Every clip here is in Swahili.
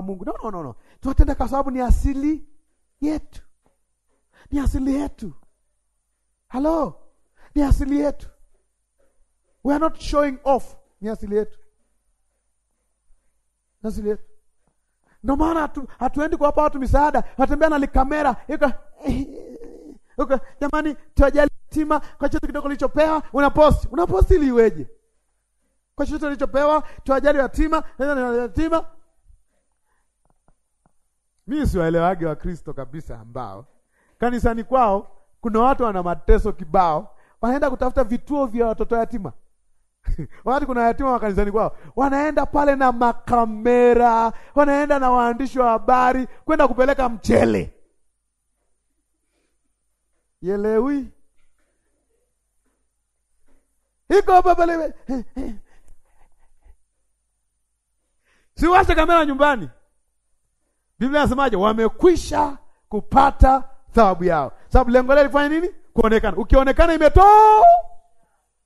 wa Mungu. No, no, no, no. Tunatenda kwa sababu ni asili yetu, ni asili yetu. Halo, ni asili yetu. We are not showing off, ni asili yetu, ni asili yetu. Ndio maana hatu, hatuendi kuwapa watu misaada, watembea na likamera yuko eh, Okay, jamani tuwajali tima kwa chochote kidogo ulichopewa, unaposti unaposti ili iweje? Kwa chochote ulichopewa tuwajali yatima, yatima mimi siwaelewage Wakristo kabisa ambao kanisani kwao kuna watu wana mateso kibao, wanaenda kutafuta vituo vya watoto yatima wakati kuna yatima wa kanisani kwao, wanaenda pale na makamera, wanaenda na waandishi wa habari kwenda kupeleka mchele. Yelewi iko pale, siwache kamera nyumbani Biblia inasemaje? Wamekwisha kupata thawabu yao. Sababu lengo lao lifanye nini? Kuonekana. Ukionekana imetoa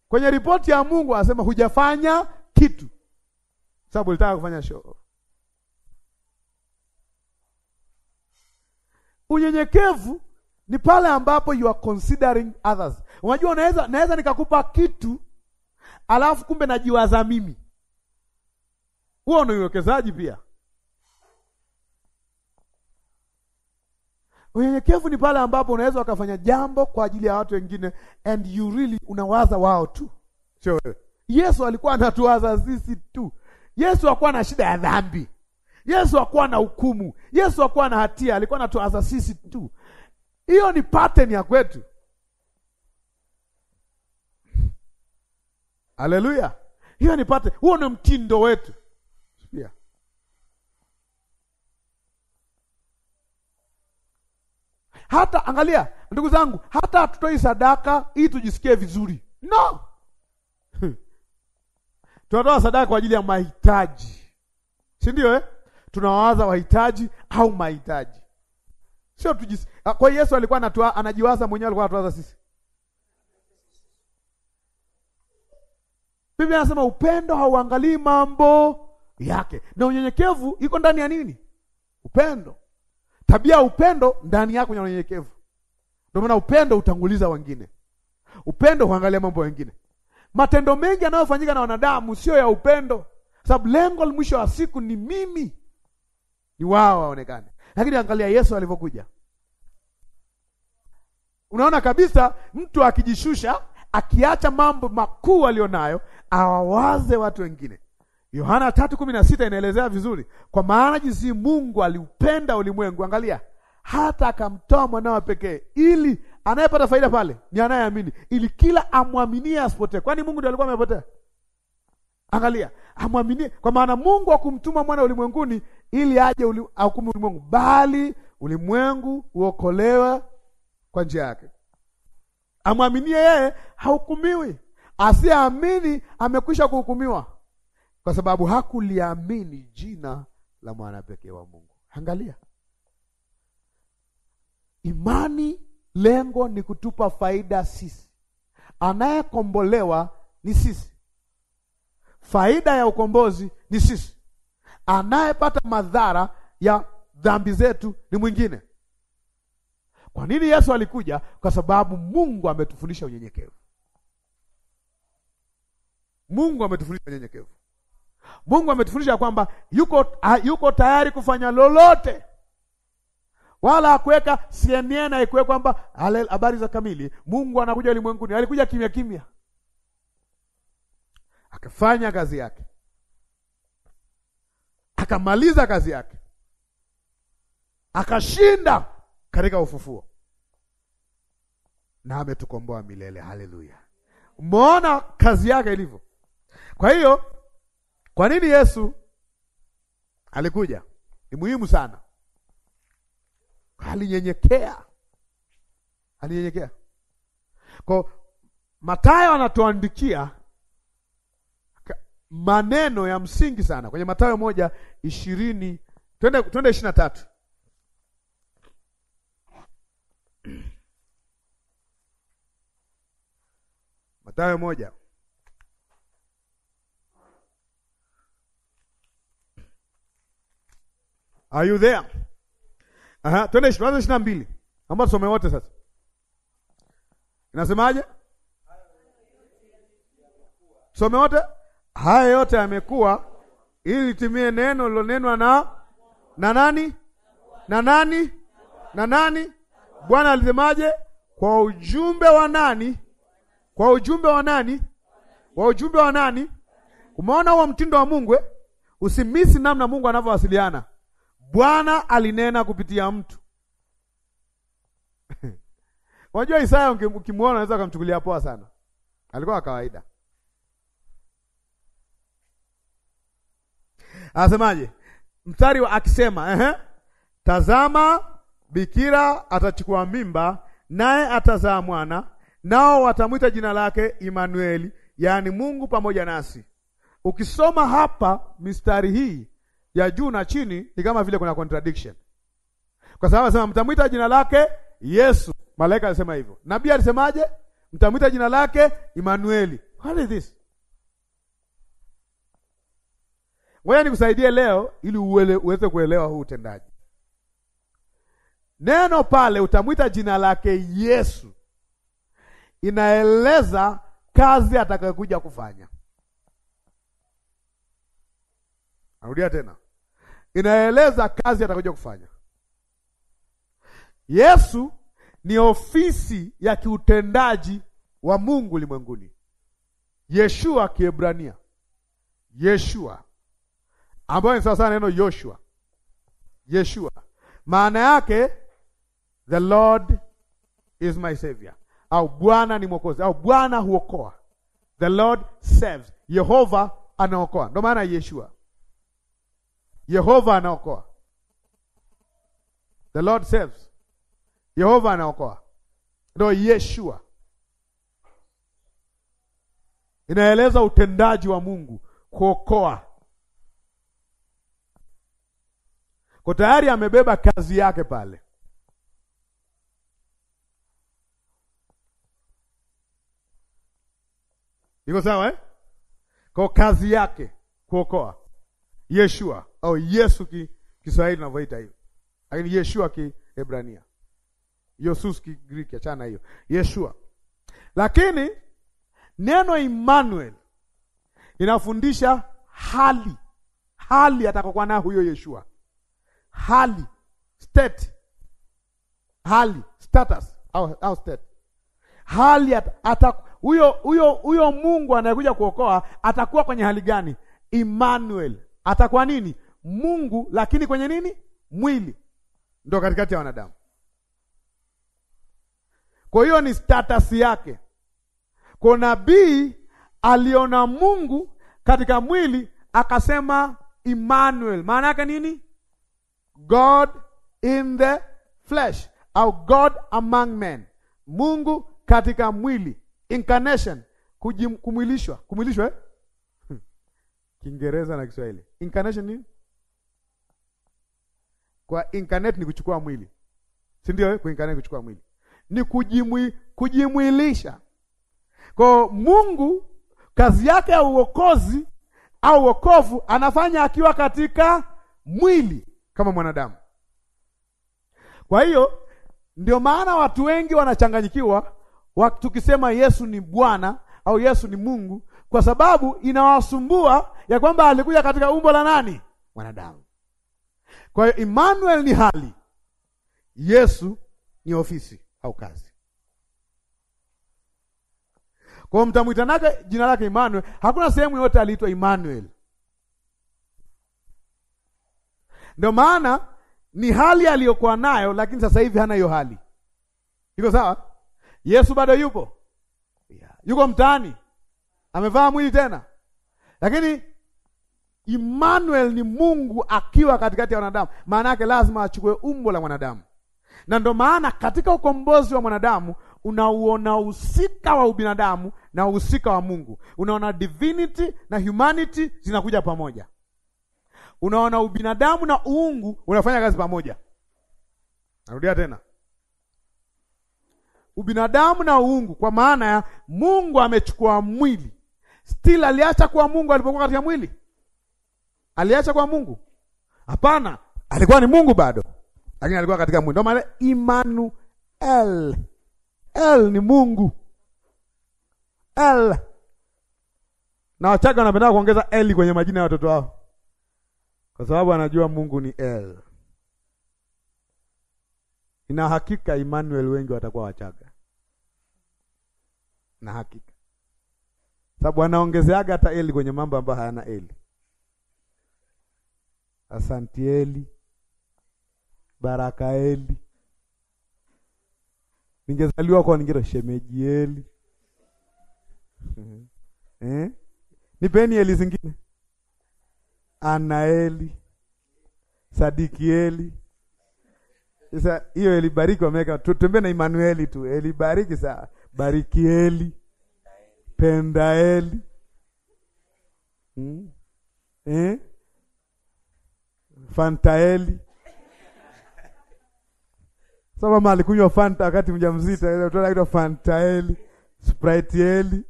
kwenye ripoti ya Mungu, anasema hujafanya kitu, sababu ulitaka kufanya show. Unyenyekevu ni pale ambapo you are considering others. Unajua, naweza naweza nikakupa kitu alafu kumbe najiwaza mimi. Huo ni uwekezaji pia. Unyenyekevu ni pale ambapo unaweza ukafanya jambo kwa ajili ya watu wengine and you really unawaza wao tu, sio wewe. Yesu alikuwa anatuwaza sisi tu. Yesu hakuwa na shida ya dhambi. Yesu hakuwa na hukumu. Yesu hakuwa na hatia, alikuwa anatuwaza sisi tu. Hiyo ni pattern ya kwetu. Haleluya! Hiyo ni pattern, huo ni mtindo wetu. hata angalia, ndugu zangu, hata hatutoi sadaka ili tujisikie vizuri, no tunatoa sadaka kwa ajili ya mahitaji, si ndio eh? Tunawawaza wahitaji au mahitaji, sio tujis... Ah, kwa Yesu alikuwa anatua, anajiwaza mwenyewe, alikuwa anatuwaza sisi. Biblia anasema upendo hauangalii mambo yake, na unyenyekevu iko ndani ya nini? Upendo tabia ya upendo ndani yako ni unyenyekevu. Ndio maana upendo utanguliza wengine, upendo huangalia mambo wengine. Matendo mengi yanayofanyika na wanadamu sio ya upendo, sababu lengo mwisho wa siku ni mimi, ni wao waonekane. Lakini angalia Yesu alivyokuja, unaona kabisa mtu akijishusha, akiacha mambo makuu alionayo, awawaze watu wengine. Yohana 3:16 inaelezea vizuri, kwa maana jinsi Mungu aliupenda ulimwengu, angalia, hata akamtoa mwanawe pekee, ili anayepata faida pale ni anayeamini, ili kila amwaminie asipotee. Kwani Mungu ndiye alikuwa amepotea? Angalia, amwaminie. Kwa maana Mungu akumtuma mwana ulimwenguni ili aje uli, ahukumu ulimwengu, bali ulimwengu uokolewa kwa njia yake. Amwaminie yeye hahukumiwi, asiyeamini amekwisha kuhukumiwa kwa sababu hakuliamini jina la mwana pekee wa Mungu. Angalia, imani lengo ni kutupa faida sisi, anayekombolewa ni sisi, faida ya ukombozi ni sisi, anayepata madhara ya dhambi zetu ni mwingine. Kwa nini Yesu alikuja? Kwa sababu Mungu ametufundisha unyenyekevu. Mungu ametufundisha unyenyekevu. Mungu ametufundisha kwamba yuko, a, yuko tayari kufanya lolote, wala hakuweka CNN haikuweka kwamba habari za kamili. Mungu anakuja ulimwenguni, alikuja kimya kimya akafanya kazi yake akamaliza kazi yake akashinda katika ufufuo na ametukomboa milele. Haleluya! Umeona kazi yake ilivyo. Kwa hiyo kwa nini Yesu alikuja? Ni muhimu sana. Alinyenyekea, alinyenyekea. Kwa Mathayo anatuandikia maneno ya msingi sana kwenye Mathayo moja ishirini twende twende ishirini na tatu Mathayo moja Are you there? Aha, twende ishirini na mbili ambao tusome wote sasa. Inasemaje? Tusome wote. Haya yote yamekuwa ili litimie neno lilonenwa na na nani? Na nani? Na nani? Bwana alisemaje? Kwa ujumbe wa nani? Kwa ujumbe wa nani? Kwa ujumbe wa nani? Umeona huo mtindo wa Mungu eh? Usimisi namna Mungu anavyowasiliana. Bwana alinena kupitia mtu. Unajua Isaya ukimwona unaweza ukamchukulia poa sana, alikuwa kawaida. Anasemaje mstari wa akisema, ehe, tazama bikira atachukua mimba, naye atazaa mwana, nao watamwita jina lake Imanueli, yaani Mungu pamoja nasi. Ukisoma hapa mistari hii ya juu na chini ni kama vile kuna contradiction, kwa sababu anasema mtamwita jina lake Yesu, malaika alisema hivyo. Nabii alisemaje? Mtamwita jina lake Imanueli. What is this? Ngoja nikusaidie leo ili uwele, uweze kuelewa huu utendaji. Neno pale utamwita jina lake Yesu inaeleza kazi atakayokuja kufanya. Narudia tena, inaeleza kazi atakuja kufanya. Yesu ni ofisi ya kiutendaji wa Mungu ulimwenguni. Yeshua Kiebrania, Yeshua ambayo ni sana neno Yoshua, Yeshua maana yake the Lord is my savior, au Bwana ni mwokozi, au Bwana huokoa. The Lord saves, Yehova anaokoa, ndio maana Yeshua. Yehova anaokoa. The Lord saves. Yehova anaokoa. Ndio Yeshua. Inaeleza utendaji wa Mungu kuokoa. Kwa tayari amebeba kazi yake pale. Iko sawa eh? Kwa kazi yake kuokoa. Yeshua au Yesu ki Kiswahili tunavyoita hiyo, lakini Yeshua Kiebrania, Yosus Greek, achana hiyo Yeshua. Lakini neno Emmanuel inafundisha hali hali atakokuwa nayo huyo Yeshua, hali state, hali status au, au state hali atak, huyo huyo huyo Mungu anayekuja kuokoa atakuwa kwenye hali gani? Emmanuel atakuwa nini? Mungu lakini kwenye nini? Mwili ndo katikati ya wanadamu. Kwa hiyo ni status yake. Kwa nabii aliona Mungu katika mwili akasema Emmanuel. Maana yake nini? God in the flesh au God among men. Mungu katika mwili, incarnation, kumwilishwa, kumwilishwa eh? Kiingereza na Kiswahili. Incarnation nini? Kwa incarnate ni kuchukua mwili, si ndio? Eh? Kuincarnate kuchukua mwili ni kujimwi, kujimwilisha. Kwa Mungu kazi yake ya uokozi au wokovu anafanya akiwa katika mwili kama mwanadamu. Kwa hiyo ndio maana watu wengi wanachanganyikiwa tukisema Yesu ni Bwana au Yesu ni Mungu, kwa sababu inawasumbua ya kwamba alikuja katika umbo la nani? Mwanadamu. Kwa hiyo Emmanuel ni hali, Yesu ni ofisi au kazi. Kwa hiyo mtamwita nake jina lake Emmanuel. Hakuna sehemu yote aliitwa Emmanuel. Ndio maana ni hali aliyokuwa nayo, lakini sasa hivi hana hiyo hali. Iko sawa? Yesu bado yupo, yuko mtaani, amevaa mwili tena, lakini Immanuel ni Mungu akiwa katikati ya wanadamu, maana yake lazima achukue umbo la mwanadamu, na ndio maana katika ukombozi wa mwanadamu unauona uhusika wa ubinadamu na uhusika wa Mungu. Unaona divinity na humanity zinakuja pamoja, unaona ubinadamu na uungu unafanya kazi pamoja. Narudia tena, ubinadamu na uungu, kwa maana ya Mungu amechukua mwili. Still aliacha kuwa Mungu alipokuwa katika mwili aliacha kwa Mungu? Hapana, alikuwa ni Mungu bado, lakini alikuwa katika mwili. Ndio maana Immanuel, El ni Mungu, El na Wachaga wanapenda kuongeza Eli kwenye majina ya watoto wao, kwa sababu anajua Mungu ni El. Ina hakika Emmanuel wengi watakuwa Wachaga na hakika, sababu anaongezeaga hata Eli kwenye mambo ambayo hayana Eli. Asantieli, Barakaeli, ningezaliwa kwa ningira Shemejieli eh? Nipeni eli zingine, Anaeli, Sadikieli. Sasa hiyo elibariki wameweka, tutembee na emanueli tu, elibariki saa Barikieli, Pendaeli hmm? eh? Fantaeli sababu mama alikunywa Fanta wakati mjamzito, ile mtoto anaitwa Fantaeli, eli.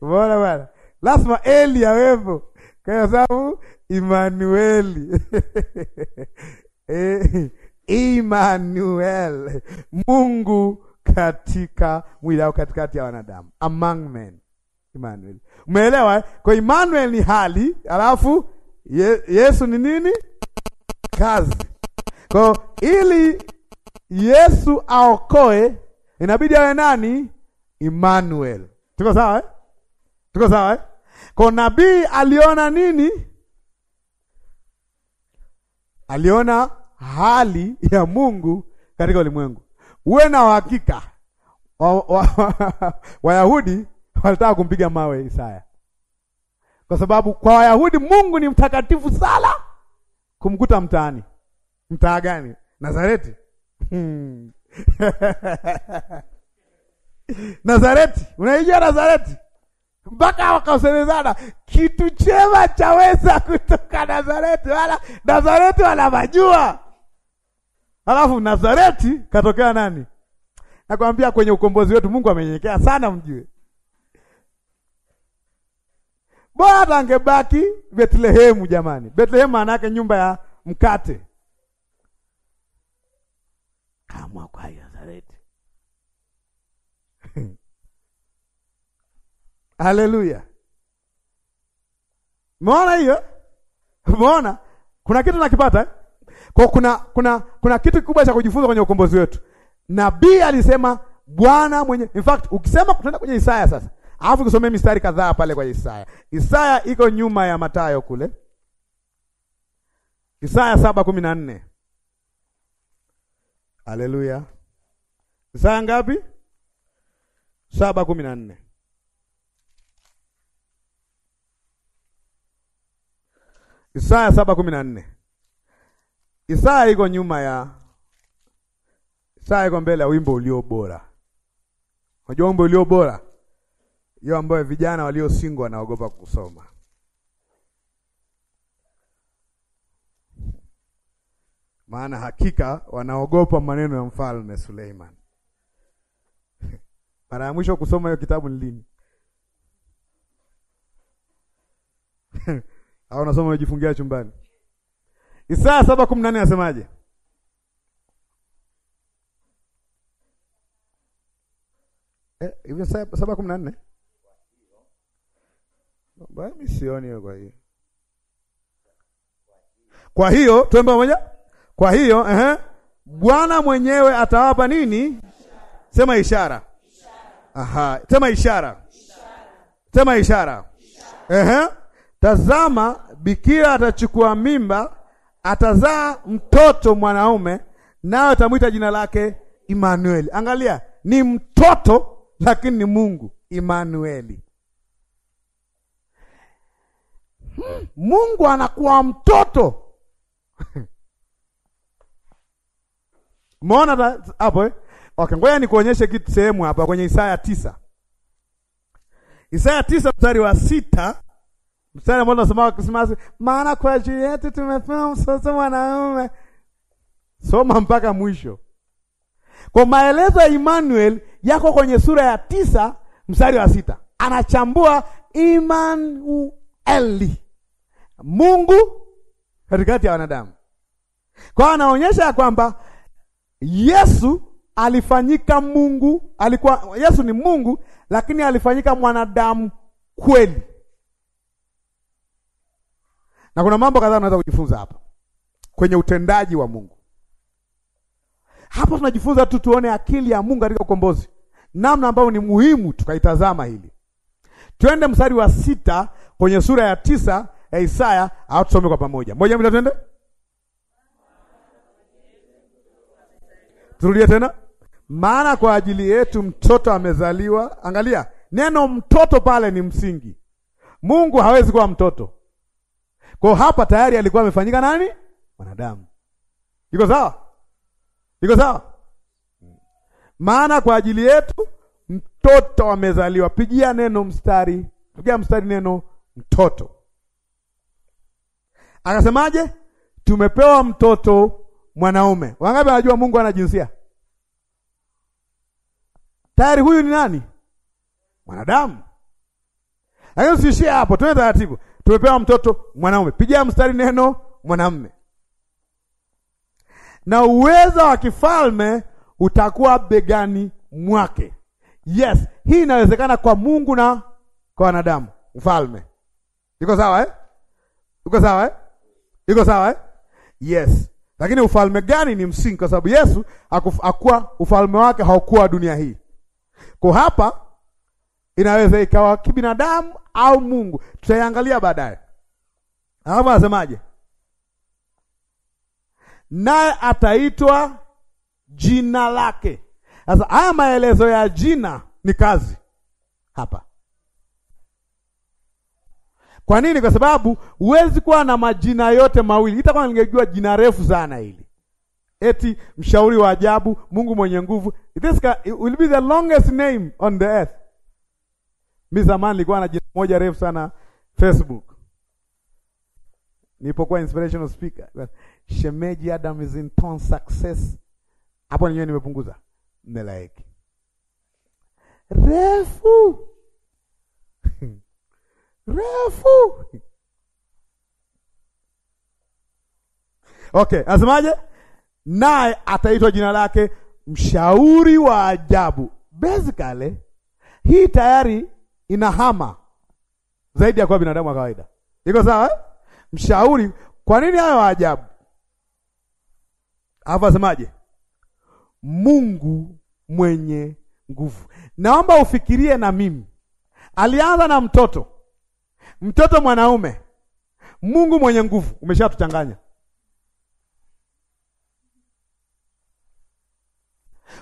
Bora bwana, lazima eli awepo kwa sababu Imanueli Eh, Imanuel, Mungu katika mwili au katikati ya wanadamu, among men. Emmanuel. Umeelewa? Eh? Kwa Emmanuel ni hali, alafu ye, Yesu ni nini? Kazi. Kwa ili Yesu aokoe inabidi awe nani? Emmanuel. Tuko sawa eh? Tuko sawa eh? Kwa nabii aliona nini? Aliona hali ya Mungu katika ulimwengu. Uwe na uhakika Wayahudi walitaka kumpiga mawe Isaya, kwa sababu kwa Wayahudi Mungu ni mtakatifu sana, kumkuta mtaani. Mtaa gani? Nazareti. Hmm. Nazareti, unaijua Nazareti? Mpaka wakasemezana kitu chema chaweza kutoka Nazareti, wala Nazareti wala majua. Alafu Nazareti katokea nani? Nakwambia kwenye ukombozi wetu Mungu amenyenyekea sana, mjue. Bora angebaki Bethlehemu jamani. Bethlehemu maana yake nyumba ya mkate. Kama kwa Nazareti. Haleluya. Umeona hiyo? Umeona? Kuna kitu nakipata eh? Kwa kuna kuna kuna kitu kikubwa cha kujifunza kwenye ukombozi wetu. Nabii alisema Bwana mwenye. In fact, ukisema kutenda kwenye Isaya sasa. Alafu kusomea mistari kadhaa pale kwa Isaya. Isaya iko nyuma ya Matayo kule. Isaya saba kumi na nne. Haleluya. Isaya ngapi? saba kumi na nne. Isaya saba kumi na nne. Isaya iko nyuma ya Isaya iko mbele ya wimbo ulio bora. Unajua wimbo ulio bora hiyo ambayo vijana walio single wanaogopa kusoma. Maana hakika wanaogopa maneno ya mfalme Suleiman. Mara ya mwisho kusoma hiyo kitabu ni lini? Au unasoma unajifungia chumbani? Isaya saba kumi na nane anasemaje? Eh, hivyo saba kumi na nne mimi sioni hiyo kwa hiyo. Kwa hiyo tuombe pamoja. Kwa hiyo eh, Bwana mwenyewe atawapa nini? Sema ishara. Aha, sema ishara. Sema ishara. Eh, tazama bikira atachukua mimba, atazaa mtoto mwanaume, naye atamwita jina lake Immanueli. Angalia, ni mtoto lakini ni Mungu Immanueli. Hmm. Mungu anakuwa mtoto Umeona hapo eh? Okay, ngoja nikuonyeshe kitu sehemu hapa kwenye Isaya tisa. Isaya tisa mstari wa sita mstari ambao tunasoma Krismasi, maana kwa ajili yetu tumepewa mtoto mwanaume. Soma mpaka mwisho. Kwa maelezo ya Emmanuel yako kwenye sura ya tisa mstari wa sita. Anachambua Emmanueli. Mungu katikati ya wanadamu. Kwa hiyo anaonyesha ya kwamba Yesu alifanyika Mungu, alikuwa Yesu ni Mungu, lakini alifanyika mwanadamu kweli. Na kuna mambo kadhaa tunaweza kujifunza hapa kwenye utendaji wa Mungu. Hapa tunajifunza tu, tuone akili ya Mungu katika ukombozi, namna ambayo ni muhimu tukaitazama hili. Twende mstari wa sita kwenye sura ya tisa ya eh, Isaya au tusome kwa pamoja moja mbili twende, turudie tena. Maana kwa ajili yetu mtoto amezaliwa. Angalia neno mtoto pale ni msingi. Mungu hawezi kuwa mtoto, kwa hapa tayari alikuwa amefanyika nani? Mwanadamu. Iko sawa? Iko sawa? Maana kwa ajili yetu mtoto amezaliwa. Pigia neno mstari, pigia mstari neno mtoto. Akasemaje? Tumepewa mtoto mwanaume. Wangapi wanajua Mungu ana jinsia? Tayari huyu ni nani? Mwanadamu. Lakini usiishie hapo, tuende taratibu. Tumepewa mtoto mwanaume. Pigia mstari neno mwanamume. Na uweza wa kifalme utakuwa begani mwake. Yes, hii inawezekana kwa Mungu na kwa wanadamu. Mfalme. Iko sawa eh? Iko sawa eh? iko sawa eh? Yes, lakini ufalme gani ni msingi, kwa sababu Yesu hakuwa ufalme wake haukuwa dunia hii. Kwa hapa inaweza ikawa kibinadamu au Mungu, tutaiangalia baadaye. Alafu anasemaje? Naye ataitwa jina lake. Sasa haya maelezo ya jina ni kazi hapa kwa nini? Kwa sababu huwezi kuwa na majina yote mawili. Itakuwa ningejua jina refu sana hili, eti mshauri wa ajabu, Mungu mwenye nguvu. This will be the longest name on the earth. Mimi zamani nilikuwa na jina moja refu sana Facebook nilipokuwa inspirational speaker, shemeji Adam is in ton success. Hapo nenyewe nimepunguza, mmelaiki refu refu. Okay, asemaje? Naye ataitwa jina lake mshauri wa ajabu. Basically hii tayari inahama zaidi ya kuwa binadamu wa kawaida. Iko sawa eh? Mshauri. Kwa nini hayo waajabu? Alafu asemaje? Mungu mwenye nguvu. Naomba ufikirie na mimi, alianza na mtoto mtoto mwanaume, Mungu mwenye nguvu, umeshatuchanganya.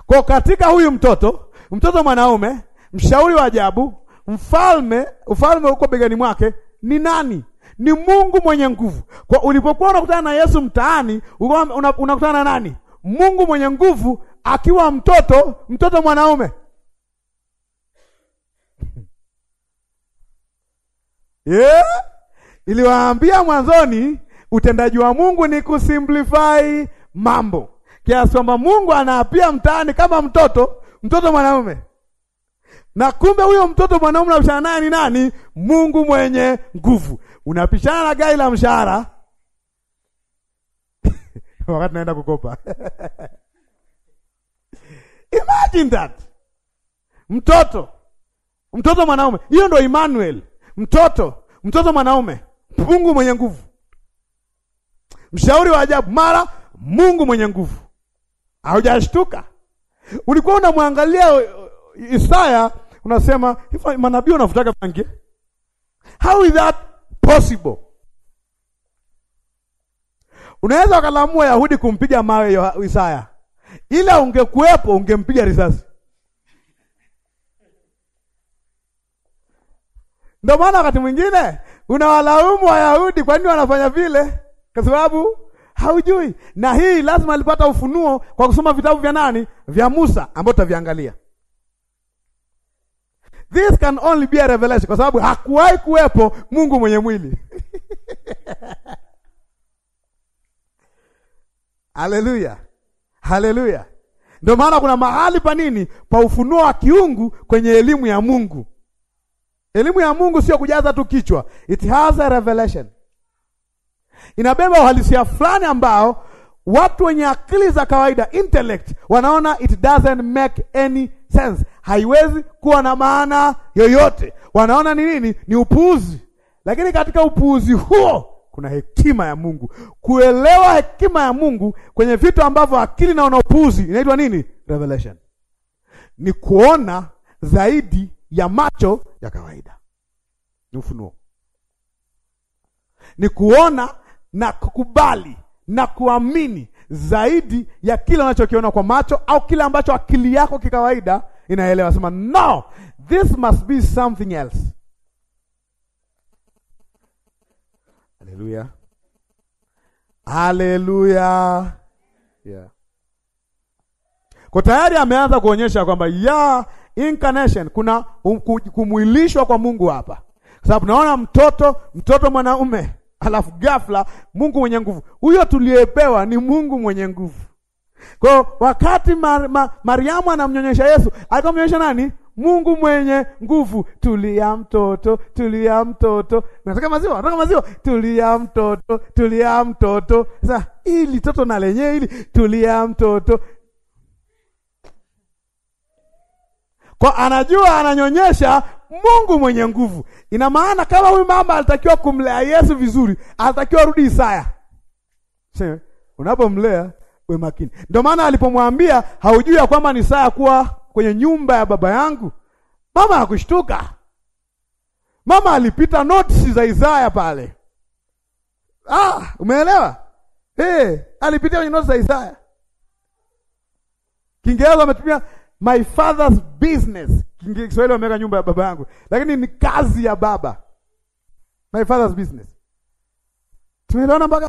Kwa katika huyu mtoto, mtoto mwanaume, mshauri wa ajabu, mfalme, ufalme uko begani mwake, ni nani? Ni Mungu mwenye nguvu. Kwa ulipokuwa unakutana na Yesu mtaani, unakutana na nani? Mungu mwenye nguvu akiwa mtoto, mtoto mwanaume. yeah? Iliwaambia mwanzoni utendaji wa Mungu ni kusimplify mambo kiasi kwamba Mungu anaapia mtaani kama mtoto mtoto mwanaume, na kumbe huyo mtoto mwanaume anapishana naye ni nani? Mungu mwenye nguvu. Unapishana na gari la mshahara wakati naenda kukopa imagine that mtoto mtoto mwanaume, hiyo ndo Emmanuel mtoto mtoto mwanaume, Mungu mwenye nguvu, mshauri wa ajabu, mara Mungu mwenye nguvu. Haujashtuka? Ulikuwa unamwangalia uh, uh, Isaya unasema manabii wanavutaga bangi, how is that possible? Unaweza ukalamua Yahudi kumpiga mawe Isaya, ila ungekuwepo ungempiga risasi. Ndio maana wakati mwingine unawalaumu Wayahudi kwa nini wanafanya vile, kwa sababu haujui. Na hii lazima alipata ufunuo kwa kusoma vitabu vya nani? Vya Musa, ambao tutaviangalia. This can only be a revelation, kwa sababu hakuwahi kuwepo Mungu mwenye mwili Haleluya, haleluya! Ndio maana kuna mahali pa nini pa ufunuo wa kiungu kwenye elimu ya Mungu. Elimu ya Mungu sio kujaza tu kichwa, it has a revelation. Inabeba uhalisia fulani ambao watu wenye akili za kawaida intellect wanaona it doesn't make any sense, haiwezi kuwa na maana yoyote. Wanaona ni nini? Ni upuuzi. Lakini katika upuuzi huo kuna hekima ya Mungu. Kuelewa hekima ya Mungu kwenye vitu ambavyo akili naona upuuzi inaitwa nini? Revelation. Ni kuona zaidi ya macho ya kawaida. Ni ufunuo, ni kuona na kukubali na kuamini zaidi ya kile unachokiona kwa macho au kile ambacho akili yako kikawaida inaelewa. Sema no, this must be something else. Haleluya, haleluya, yeah. Kwa tayari ameanza kuonyesha kwamba ya Incarnation kuna um, kumwilishwa kwa Mungu hapa, sababu naona mtoto mtoto mwanaume, alafu ghafla Mungu mwenye nguvu. Huyo tuliyepewa ni Mungu mwenye nguvu. Kwa wakati Mar, ma, Mariamu anamnyonyesha Yesu, akamnyonyesha nani? Mungu mwenye nguvu. Tulia mtoto, tulia mtoto, nataka maziwa, nataka maziwa, tulia mtoto, tulia mtoto. Sasa ili toto na lenyewe ili tulia mtoto Kwa anajua ananyonyesha Mungu mwenye nguvu. Ina maana kama huyu mama alitakiwa kumlea Yesu vizuri, alitakiwa rudi Isaya. unapomlea we makini. Ndio maana alipomwambia haujui ya kwamba ni saa kuwa kwenye nyumba ya baba yangu, mama hakushtuka. Mama alipita notisi za Isaya pale. Ah, umeelewa? Eh, hey, alipitia kwenye notisi za Isaya. Kiingereza ametumia my father's business. Kiswahili wameweka nyumba ya baba yangu, lakini ni kazi ya baba, my father's business. Tumeelewana mpaka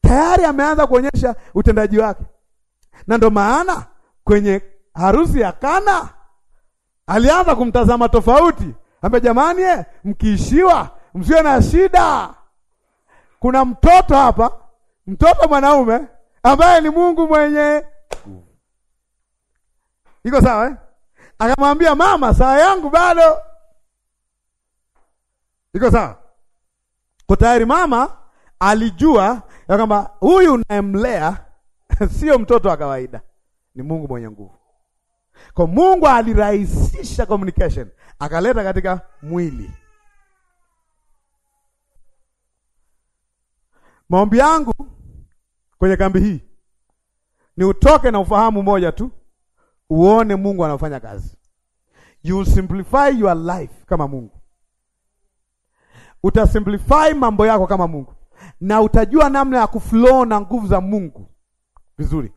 tayari ameanza kuonyesha utendaji wake, na ndo maana kwenye harusi ya Kana alianza kumtazama tofauti, ambe jamani, eh, mkiishiwa msiwe na shida, kuna mtoto hapa, mtoto mwanaume ambaye ni Mungu mwenye iko sawa eh? Akamwambia mama, saa yangu bado iko sawa. Kwa tayari mama alijua ya kwamba huyu unayemlea sio mtoto wa kawaida, ni Mungu mwenye nguvu. Kwa Mungu alirahisisha communication, akaleta katika mwili. Maombi yangu kwenye kambi hii ni utoke na ufahamu moja tu uone Mungu anafanya kazi. You simplify your life kama Mungu, utasimplify mambo yako kama Mungu, na utajua namna ya kuflow na nguvu za Mungu vizuri,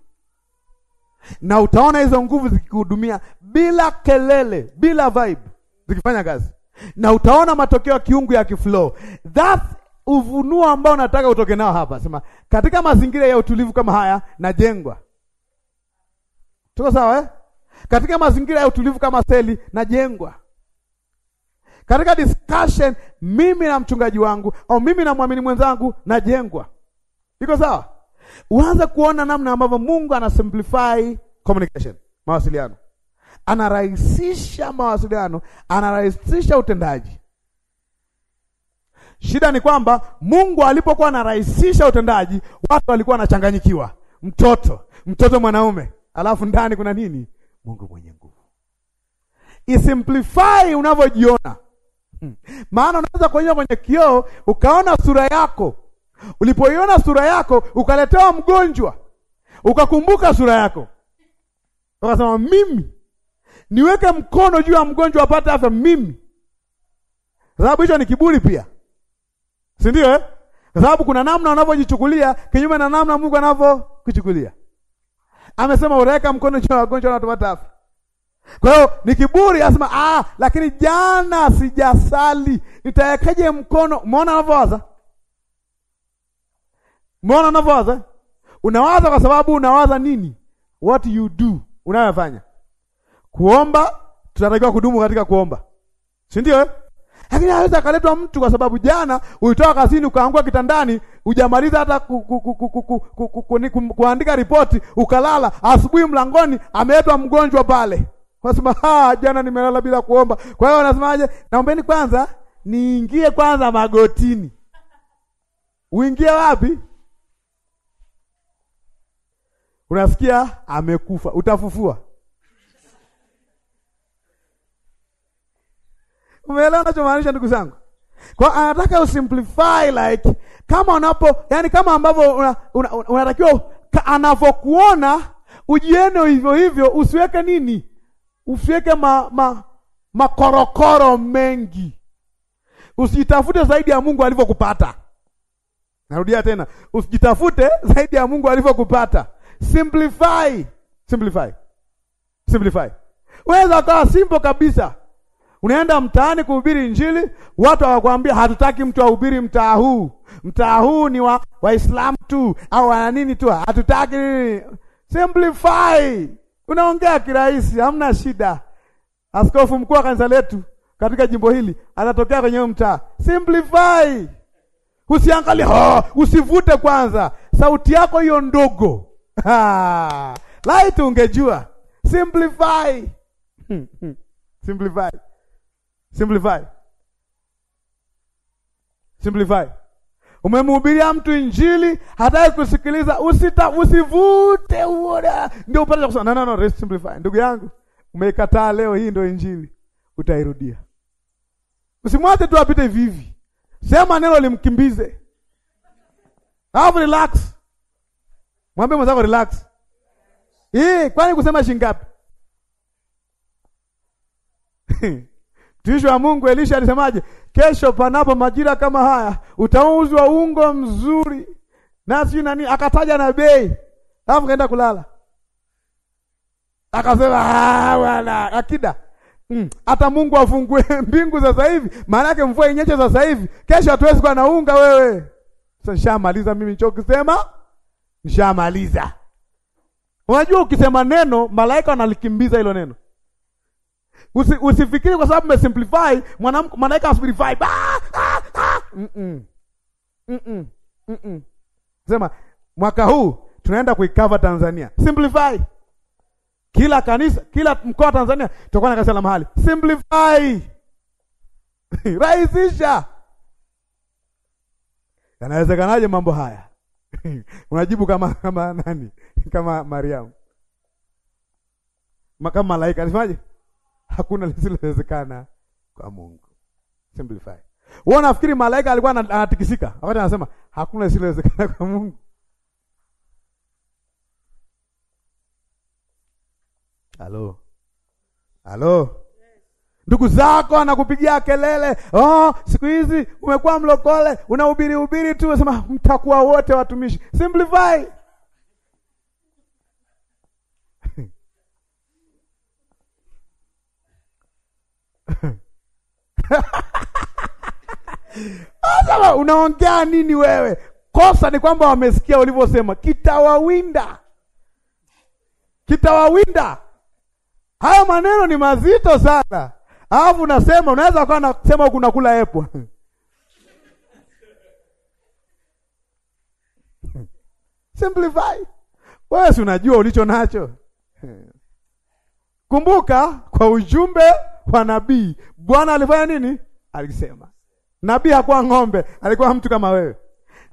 na utaona hizo nguvu zikihudumia bila kelele, bila vibe, zikifanya kazi, na utaona matokeo ya kiungu ya kiflow that uvunuo ambao nataka utoke nao hapa. Sema katika mazingira ya utulivu kama haya najengwa Tuko sawa eh? Katika mazingira ya utulivu kama seli najengwa. Katika discussion mimi na mchungaji wangu au mimi na mwamini mwenzangu najengwa. Iko sawa? Uanze kuona namna ambavyo Mungu ana simplify communication, mawasiliano. Anarahisisha mawasiliano, anarahisisha utendaji. Shida ni kwamba Mungu alipokuwa anarahisisha utendaji, watu walikuwa wanachanganyikiwa. Mtoto, mtoto mwanaume, alafu ndani kuna nini? Mungu mwenye nguvu. Isimplify unavyojiona hmm. Maana unaweza kuonyesha kwenye kioo ukaona sura yako, ulipoiona sura yako ukaletewa mgonjwa, ukakumbuka sura yako, ukasema mimi niweke mkono juu ya mgonjwa apate afya, mimi sababu hicho ni kiburi pia, si ndio eh? Kwa sababu kuna namna wanavyojichukulia kinyume na namna Mungu anavyokuchukulia amesema utaweka mkono juu ya wagonjwa na watapata afya. Kwa hiyo ni kiburi, asema ah, lakini jana sijasali, nitawekaje mkono? Umeona anavyowaza, umeona anavyowaza. Unawaza kwa sababu unawaza nini? What you do unayofanya kuomba. Tunatakiwa kudumu katika kuomba, si ndio? Eh? Lakini anaweza akaletwa mtu kwa sababu jana ulitoka kazini ukaangua kitandani, hujamaliza hata kuandika ripoti, ukalala. Asubuhi mlangoni ameletwa mgonjwa pale, unasema jana nimelala bila kuomba. Kwa hiyo anasemaje? Naombeni kwanza niingie kwanza magotini. Uingie wapi? Unasikia amekufa, utafufua Umeelewa nachomaanisha ndugu zangu? Kwa anataka usimplify like kama unapo yani kama ambavyo unatakiwa una, una, una anavyokuona ujiene hivyo hivyo, usiweke nini, usiweke ma, ma, makorokoro mengi, usijitafute zaidi ya Mungu alivyokupata. Narudia tena, usijitafute zaidi ya Mungu alivyokupata. Simplify, simplify, simplify. Weza kawa simple kabisa. Unaenda mtaani kuhubiri Injili, watu hawakwambia hatutaki mtu ahubiri mtaa huu, mtaa huu ni wa Waislamu tu au wana nini tu, hatutaki nini. Simplify, unaongea kirahisi, hamna shida. Askofu mkuu wa kanisa letu katika jimbo hili anatokea kwenye mtaa. Simplify, usiangalie oh, usivute kwanza sauti yako hiyo ndogo. light, ungejua simplify. Simplify. Simplify. Simplify. Umemhubiria mtu injili, hataki kusikiliza, usita usivute uoda. Ndio upate kusema no, no, no, rest simplify. Ndugu yangu, umeikataa leo hii ndio injili. Utairudia. Usimwache tu apite vivi. Sema neno limkimbize. Have relax. Mwambie mwenzako relax. Eh, kwani kusema shingapi? Mtumishi wa Mungu Elisha alisemaje? Kesho panapo majira kama haya utauzwa ungo mzuri na si nani, akataja na bei, alafu kaenda kulala, akasema ah, wala akida mm, hata mm, Mungu afungue mbingu sasa hivi, maana yake mvua inyeshe sasa hivi, kesho hatuwezi kuwa na unga. Wewe sasa nishamaliza mimi kusema, nishamaliza. Unajua, ukisema neno malaika wanalikimbiza hilo neno. Usi, usifikiri kwa sababu umesimplify mwanamke malaika asimplify. Ah, ah, ah. Mm -mm. Mm -mm. Mm -mm. Sema mwaka huu tunaenda kuikava Tanzania. Simplify. Kila kanisa, kila mkoa Tanzania tutakuwa na kanisa la mahali. Simplify. Rahisisha. Yanawezekanaje mambo haya? Unajibu kama kama nani? Kama Mariamu. Kama malaika. Anasemaje? hakuna lisilowezekana kwa Mungu. Simplify. Wewe unafikiri malaika alikuwa anatikisika wakati anasema hakuna lisilowezekana kwa Mungu? Halo. Halo. Ndugu zako anakupigia kelele, oh, siku hizi umekuwa mlokole, unahubiri hubiri tu, unasema mtakuwa wote watumishi. Simplify. Sasa unaongea nini wewe? Kosa ni kwamba wamesikia ulivyosema, kitawawinda, kitawawinda. haya maneno ni mazito sana, alafu unasema unaweza ukawa nasema huku nakula epo Simplify. Wewe si unajua ulicho nacho. Kumbuka kwa ujumbe kwa nabii. Bwana alifanya nini? Alisema. Nabii hakuwa ng'ombe, alikuwa mtu kama wewe.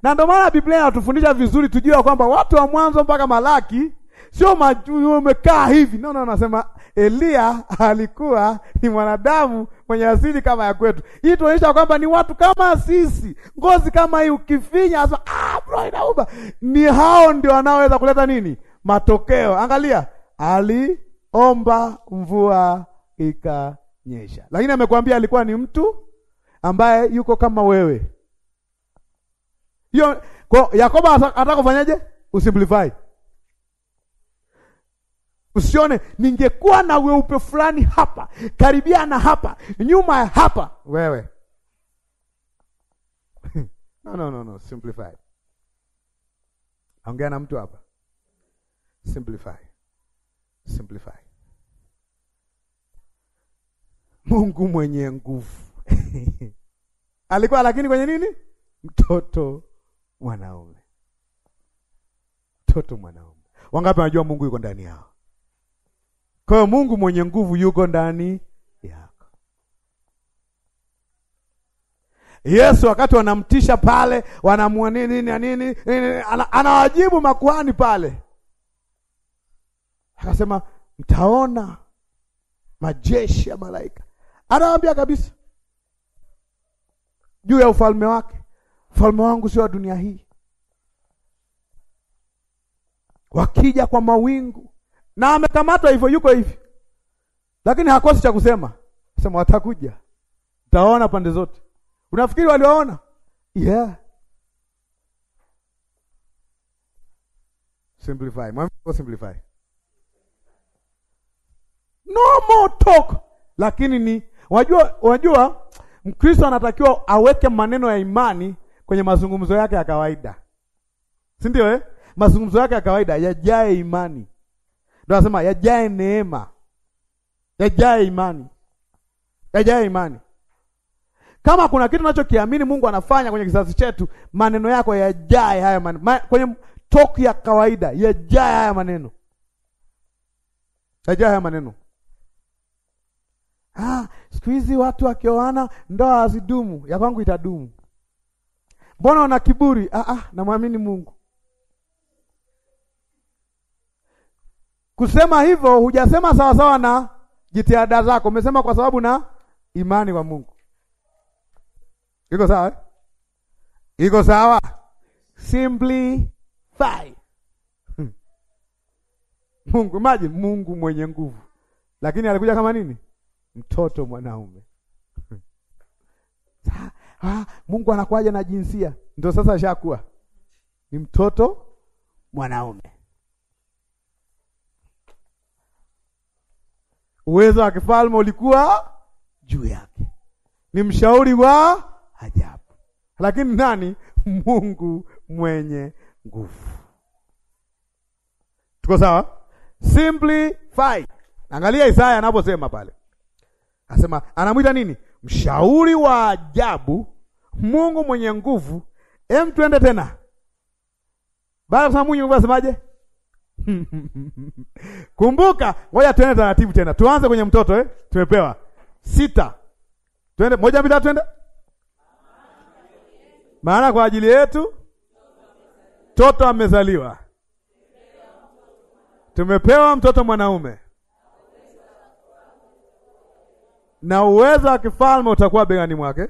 Na ndio maana Biblia inatufundisha vizuri tujue kwamba watu wa Mwanzo mpaka Malaki sio majui wamekaa hivi. No, no, anasema Elia alikuwa ni mwanadamu mwenye asili kama ya kwetu. Hii tunaonyesha kwamba ni watu kama sisi, ngozi kama hii, ukifinya asema ah, bro inauma. Ni hao ndio wanaoweza kuleta nini? Matokeo. Angalia, aliomba mvua ika nyesha, lakini amekwambia alikuwa ni mtu ambaye yuko kama wewe. Hiyo kwa Yakobo anataka kufanyaje? Usimplify, usione ningekuwa na weupe fulani hapa karibia na hapa nyuma ya hapa wewe. No, no, no, no. Simplify. Ongea na mtu hapa. Simplify. Simplify. Mungu mwenye nguvu alikuwa lakini kwenye nini? Mtoto mwanaume, mtoto mwanaume. Wangapi wanajua Mungu yuko ndani yao? Kwa hiyo Mungu mwenye nguvu yuko ndani yako. Yesu wakati wanamtisha pale, wanamwona nini na nini, anawajibu makuhani pale, akasema mtaona majeshi ya malaika Anawaambia kabisa juu ya ufalme wake, ufalme wangu sio wa dunia hii. Wakija kwa mawingu na amekamatwa hivyo, yuko hivi, lakini hakosi cha kusema. Sema watakuja, taona pande zote. Unafikiri waliwaona? Yeah. Simplify. Simplify. No more talk, lakini ni Wajua, wajua Mkristo anatakiwa aweke maneno ya imani kwenye mazungumzo yake ya kawaida, si ndio? Eh, mazungumzo yake ya kawaida yajae imani, ndio anasema yajae neema, yajae imani, yajae imani. Kama kuna kitu unachokiamini Mungu anafanya kwenye kizazi chetu, maneno yako yajae haya maneno Ma, kwenye toki ya kawaida yajae haya maneno, yajae haya maneno ah, siku hizi watu wakioana ndoa hazidumu, ya kwangu itadumu. Mbona wana kiburi? Ah, ah, namwamini Mungu. Kusema hivyo hujasema sawasawa na jitihada zako, umesema kwa sababu na imani kwa Mungu. Iko sawa eh? Iko sawa, simplify Mungu. maji Mungu mwenye nguvu, lakini alikuja kama nini? mtoto mwanaume ha, ah, ah, Mungu anakuaje na jinsia? Ndio sasa ashakuwa ni mtoto mwanaume. Uwezo wa kifalme ulikuwa juu yake, ni mshauri wa ajabu, lakini nani? Mungu mwenye nguvu. Tuko sawa? Simplify. Angalia Isaya anaposema pale Anasema anamwita nini? Mshauri wa ajabu, Mungu mwenye nguvu. Em, twende tena. Baada kusema Mungu anasemaje? Kumbuka, ngoja tuende taratibu tena. Tuanze kwenye mtoto eh? Tumepewa sita. Twende moja bila twende. Maana kwa ajili yetu mtoto amezaliwa, tumepewa mtoto mwanaume na uwezo wa kifalme utakuwa begani mwake,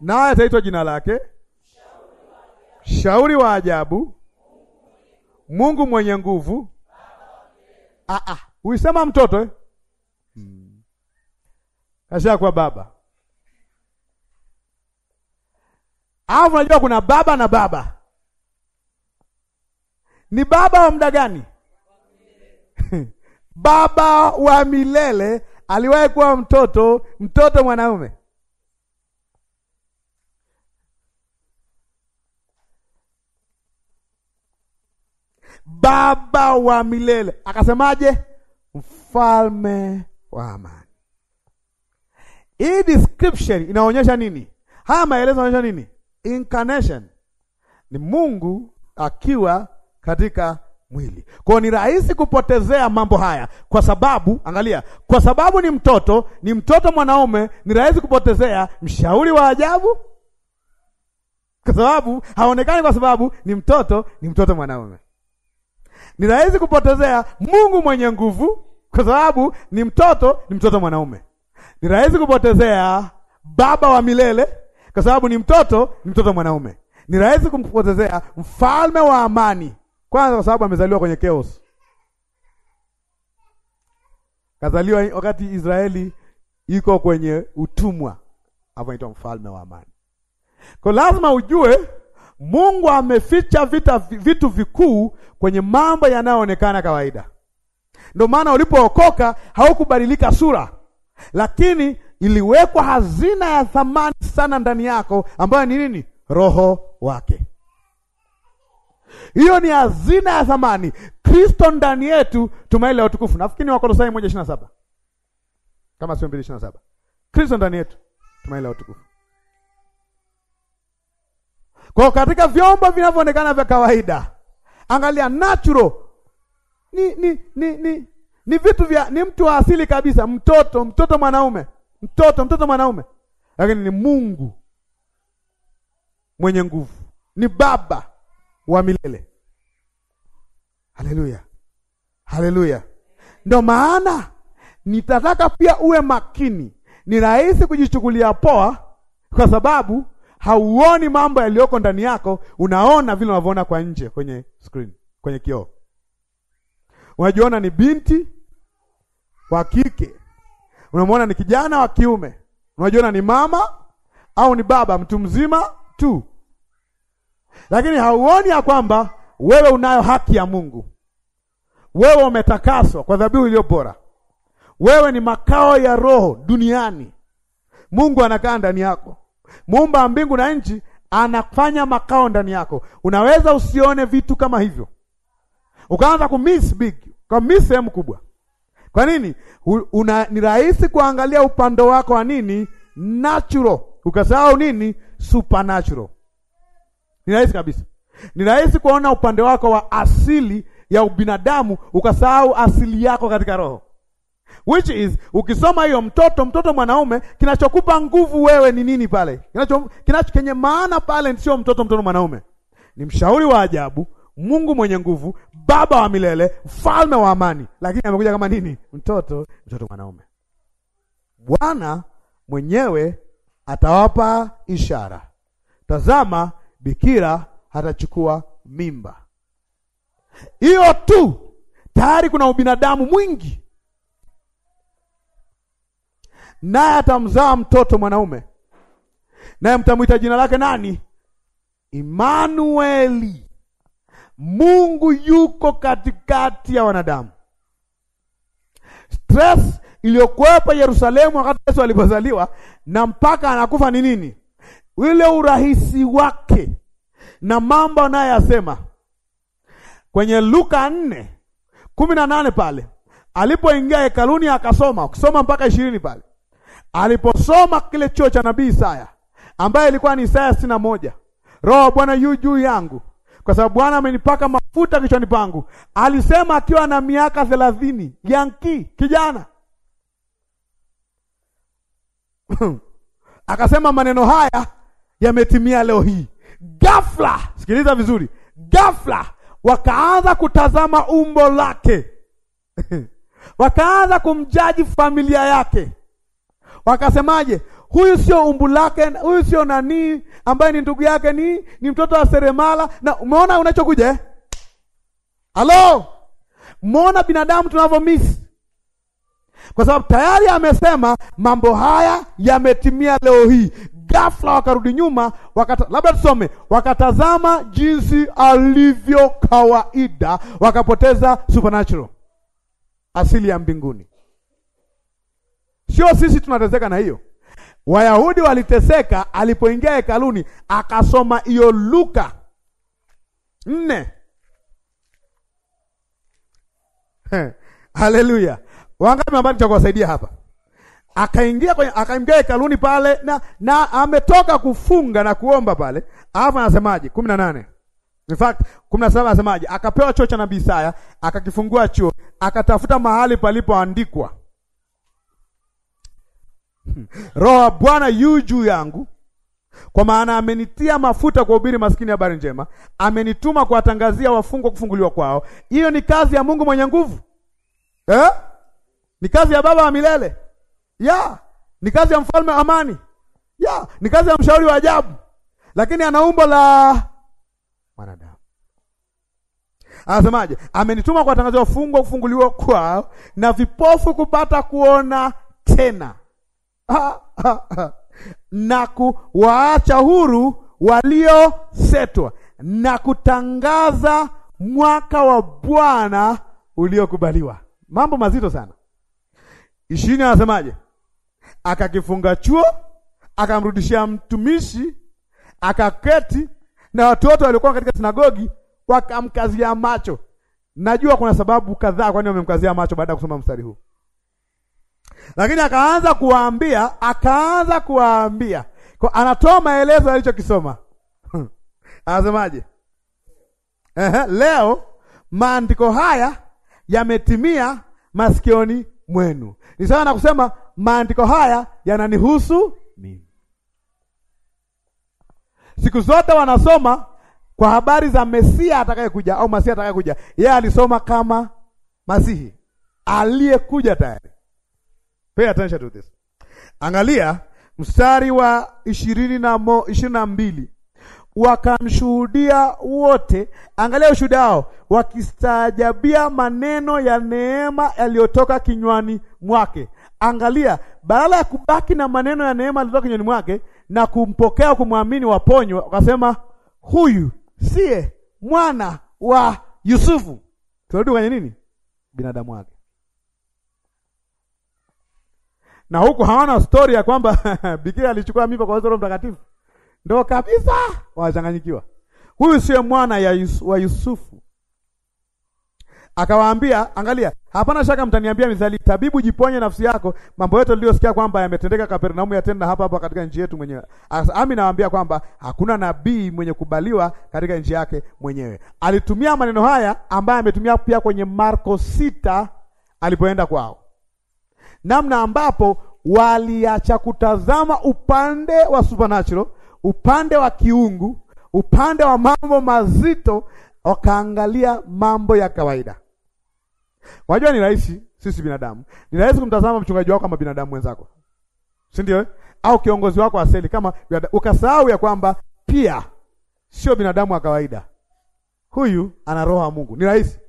naye ataitwa jina lake, shauri wa ajabu, Mungu mwenye nguvu. Ah, ah, uisema mtoto eh? Hmm. Kasha kwa baba alafu, unajua kuna baba na baba ni baba wa muda gani? Baba wa milele aliwahi kuwa mtoto, mtoto mwanaume. Baba wa milele akasemaje? Mfalme wa amani. Hii description inaonyesha nini? Haya maelezo inaonyesha nini? Incarnation ni Mungu akiwa katika mwili. Kwa ni rahisi kupotezea mambo haya, kwa sababu angalia, kwa sababu ni mtoto, ni mtoto mwanaume, ni rahisi kupotezea mshauri wa ajabu, kwa sababu haonekani, kwa sababu ni mtoto, ni mtoto mwanaume. Ni rahisi kupotezea Mungu mwenye nguvu, kwa sababu ni mtoto, ni mtoto mwanaume. Ni rahisi kupotezea Baba wa milele, kwa sababu ni mtoto, ni mtoto mwanaume. Ni rahisi kumpotezea mfalme wa amani kwanza kwa sababu amezaliwa kwenye chaos. Kazaliwa wakati Israeli iko kwenye utumwa, anaitwa mfalme wa amani. Kwa lazima ujue Mungu ameficha vita vitu vikuu kwenye mambo yanayoonekana kawaida. Ndio maana ulipookoka haukubadilika sura, lakini iliwekwa hazina ya thamani sana ndani yako ambayo ni nini? Roho wake. Hiyo ni hazina ya thamani, Kristo ndani yetu, tumaini la utukufu. Nafikiri ni Wakolosai 1:27 kama sio 2:27. Kristo ndani yetu, tumaini la utukufu. Kwa katika vyombo vinavyoonekana vya kawaida, angalia natural ni ni ni ni ni vitu vya ni mtu wa asili kabisa, mtoto mtoto mwanaume mtoto mtoto mwanaume, lakini ni Mungu mwenye nguvu, ni Baba wa milele. Haleluya, haleluya. Ndo maana nitataka pia uwe makini. Ni rahisi kujichukulia poa, kwa sababu hauoni mambo yaliyoko ndani yako, unaona vile unavyoona kwa nje kwenye screen, kwenye kioo. Unajiona ni binti wa kike, unamwona ni kijana wa kiume, unajiona ni mama au ni baba mtu mzima tu, lakini hauoni ya kwamba wewe unayo haki ya Mungu. Wewe umetakaswa kwa dhabihu iliyo bora. Wewe ni makao ya roho duniani. Mungu anakaa ndani yako. Muumba wa mbingu na nchi anafanya makao ndani yako. Unaweza usione vitu kama hivyo, ukaanza miss big, miss sehemu kubwa. Kwa nini? Una, ni rahisi kuangalia upande wako wa nini natural, ukasahau nini supernatural. Ni rahisi kabisa. Ni rahisi kuona upande wako wa asili ya ubinadamu ukasahau asili yako katika roho. Which is ukisoma hiyo mtoto mtoto mwanaume, kinachokupa nguvu wewe ni nini pale? Kinacho kinacho kenye maana pale sio mtoto mtoto mwanaume, ni mshauri wa ajabu, Mungu mwenye nguvu, baba wa milele, mfalme wa amani, lakini amekuja kama nini? Mtoto mtoto mwanaume. Bwana mwenyewe atawapa ishara, tazama bikira hatachukua mimba. Hiyo tu tayari kuna ubinadamu mwingi, naye atamzaa mtoto mwanaume, naye mtamwita jina lake nani? Imanueli, Mungu yuko katikati ya wanadamu. Stress iliyokuwepo Yerusalemu wakati Yesu alipozaliwa na mpaka anakufa ni nini? ule urahisi wake na mambo anayoyasema kwenye Luka nne kumi na nane pale alipoingia hekaluni akasoma, ukisoma mpaka ishirini pale aliposoma kile chuo cha nabii Isaya ambaye ilikuwa ni Isaya sitini na moja Roho Bwana yu juu yangu kwa sababu Bwana amenipaka mafuta kichwani pangu. Alisema akiwa na miaka thelathini, yanki kijana akasema maneno haya yametimia leo hii. Ghafla, sikiliza vizuri, ghafla wakaanza kutazama umbo lake wakaanza kumjaji familia yake, wakasemaje? Huyu sio umbu lake, huyu sio nani, ambaye ni ndugu yake, ni ni mtoto wa seremala. Na umeona unachokuja eh? Halo, umeona binadamu miss kwa sababu tayari amesema mambo haya yametimia leo hii ghafla wakarudi nyuma, wakata, labda tusome, wakatazama jinsi alivyo kawaida, wakapoteza supernatural, asili ya mbinguni. Sio sisi tunateseka na hiyo. Wayahudi waliteseka, alipoingia hekaluni akasoma hiyo Luka nne. Haleluya! wangapi ambao cha kuwasaidia hapa akaingia kwenye akaingia hekaluni pale na, na ametoka kufunga na kuomba pale, alafu anasemaje? kumi na nane in fact kumi na saba anasemaje? akapewa chuo cha nabii Isaya, akakifungua chuo, akatafuta mahali palipoandikwa hmm. Roho wa Bwana yu juu yangu, kwa maana amenitia mafuta kuhubiri maskini habari njema, amenituma kuwatangazia wafungwa kufunguliwa kwao. Hiyo ni kazi ya Mungu mwenye nguvu eh? ni kazi ya Baba wa milele ya ni kazi ya mfalme amani, ya ni kazi ya mshauri wa ajabu, lakini ana umbo la mwanadamu. Anasemaje? Amenituma kuwatangazia wafungwa kufunguliwa kwao na vipofu kupata kuona tena na kuwaacha huru waliosetwa na kutangaza mwaka wa Bwana uliokubaliwa. Mambo mazito sana. Ishirini anasemaje? akakifunga chuo, akamrudishia mtumishi, akaketi na watoto waliokuwa katika sinagogi wakamkazia macho. Najua kuna sababu kadhaa kwani wamemkazia macho baada ya kusoma mstari huu, lakini akaanza kuwaambia, akaanza kuwaambia, anatoa maelezo alichokisoma anasemaje? leo maandiko haya yametimia masikioni mwenu. Ni sawa na kusema maandiko haya yananihusu mimi. Siku zote wanasoma kwa habari za Mesia atakayekuja au Masihi atakayekuja. Yeye alisoma kama Masihi aliyekuja tayari. Pay attention to this. Angalia mstari wa ishirini na mo, ishirini na mbili wakamshuhudia wote. Angalia ushuhuda wao, wakistaajabia maneno ya neema yaliyotoka kinywani mwake. Angalia, badala ya kubaki na maneno ya neema yaliyotoka kinywani mwake na kumpokea kumwamini, waponywa, wakasema huyu siye mwana wa Yusufu. Tunarudi kwenye nini? Binadamu wake. Na huku hawana stori ya kwamba bikira alichukua mimba kwa Roho Mtakatifu. Ndio kabisa, wanachanganyikiwa. Huyu siye mwana ya Yusufu, wa Yusufu. Akawaambia, angalia, hapana shaka mtaniambia mithali, tabibu, jiponye nafsi yako, mambo yote uliyosikia kwamba yametendeka Kapernaumu yatenda hapa hapa katika nchi yetu mwenyewe. Ami, nawaambia kwamba hakuna nabii mwenye kubaliwa katika nchi yake mwenyewe. Alitumia maneno haya ambayo ametumia pia kwenye Marko sita alipoenda kwao, namna ambapo waliacha kutazama upande wa supernatural, upande wa kiungu, upande wa mambo mazito, wakaangalia mambo ya kawaida. Wajua ni rahisi sisi binadamu. Ni rahisi kumtazama mchungaji wako kama binadamu wenzako. Si ndio? Eh? Au kiongozi wako aseli kama ukasahau ya kwamba pia sio binadamu wa kawaida. Huyu ana roho ya Mungu. Ni rahisi.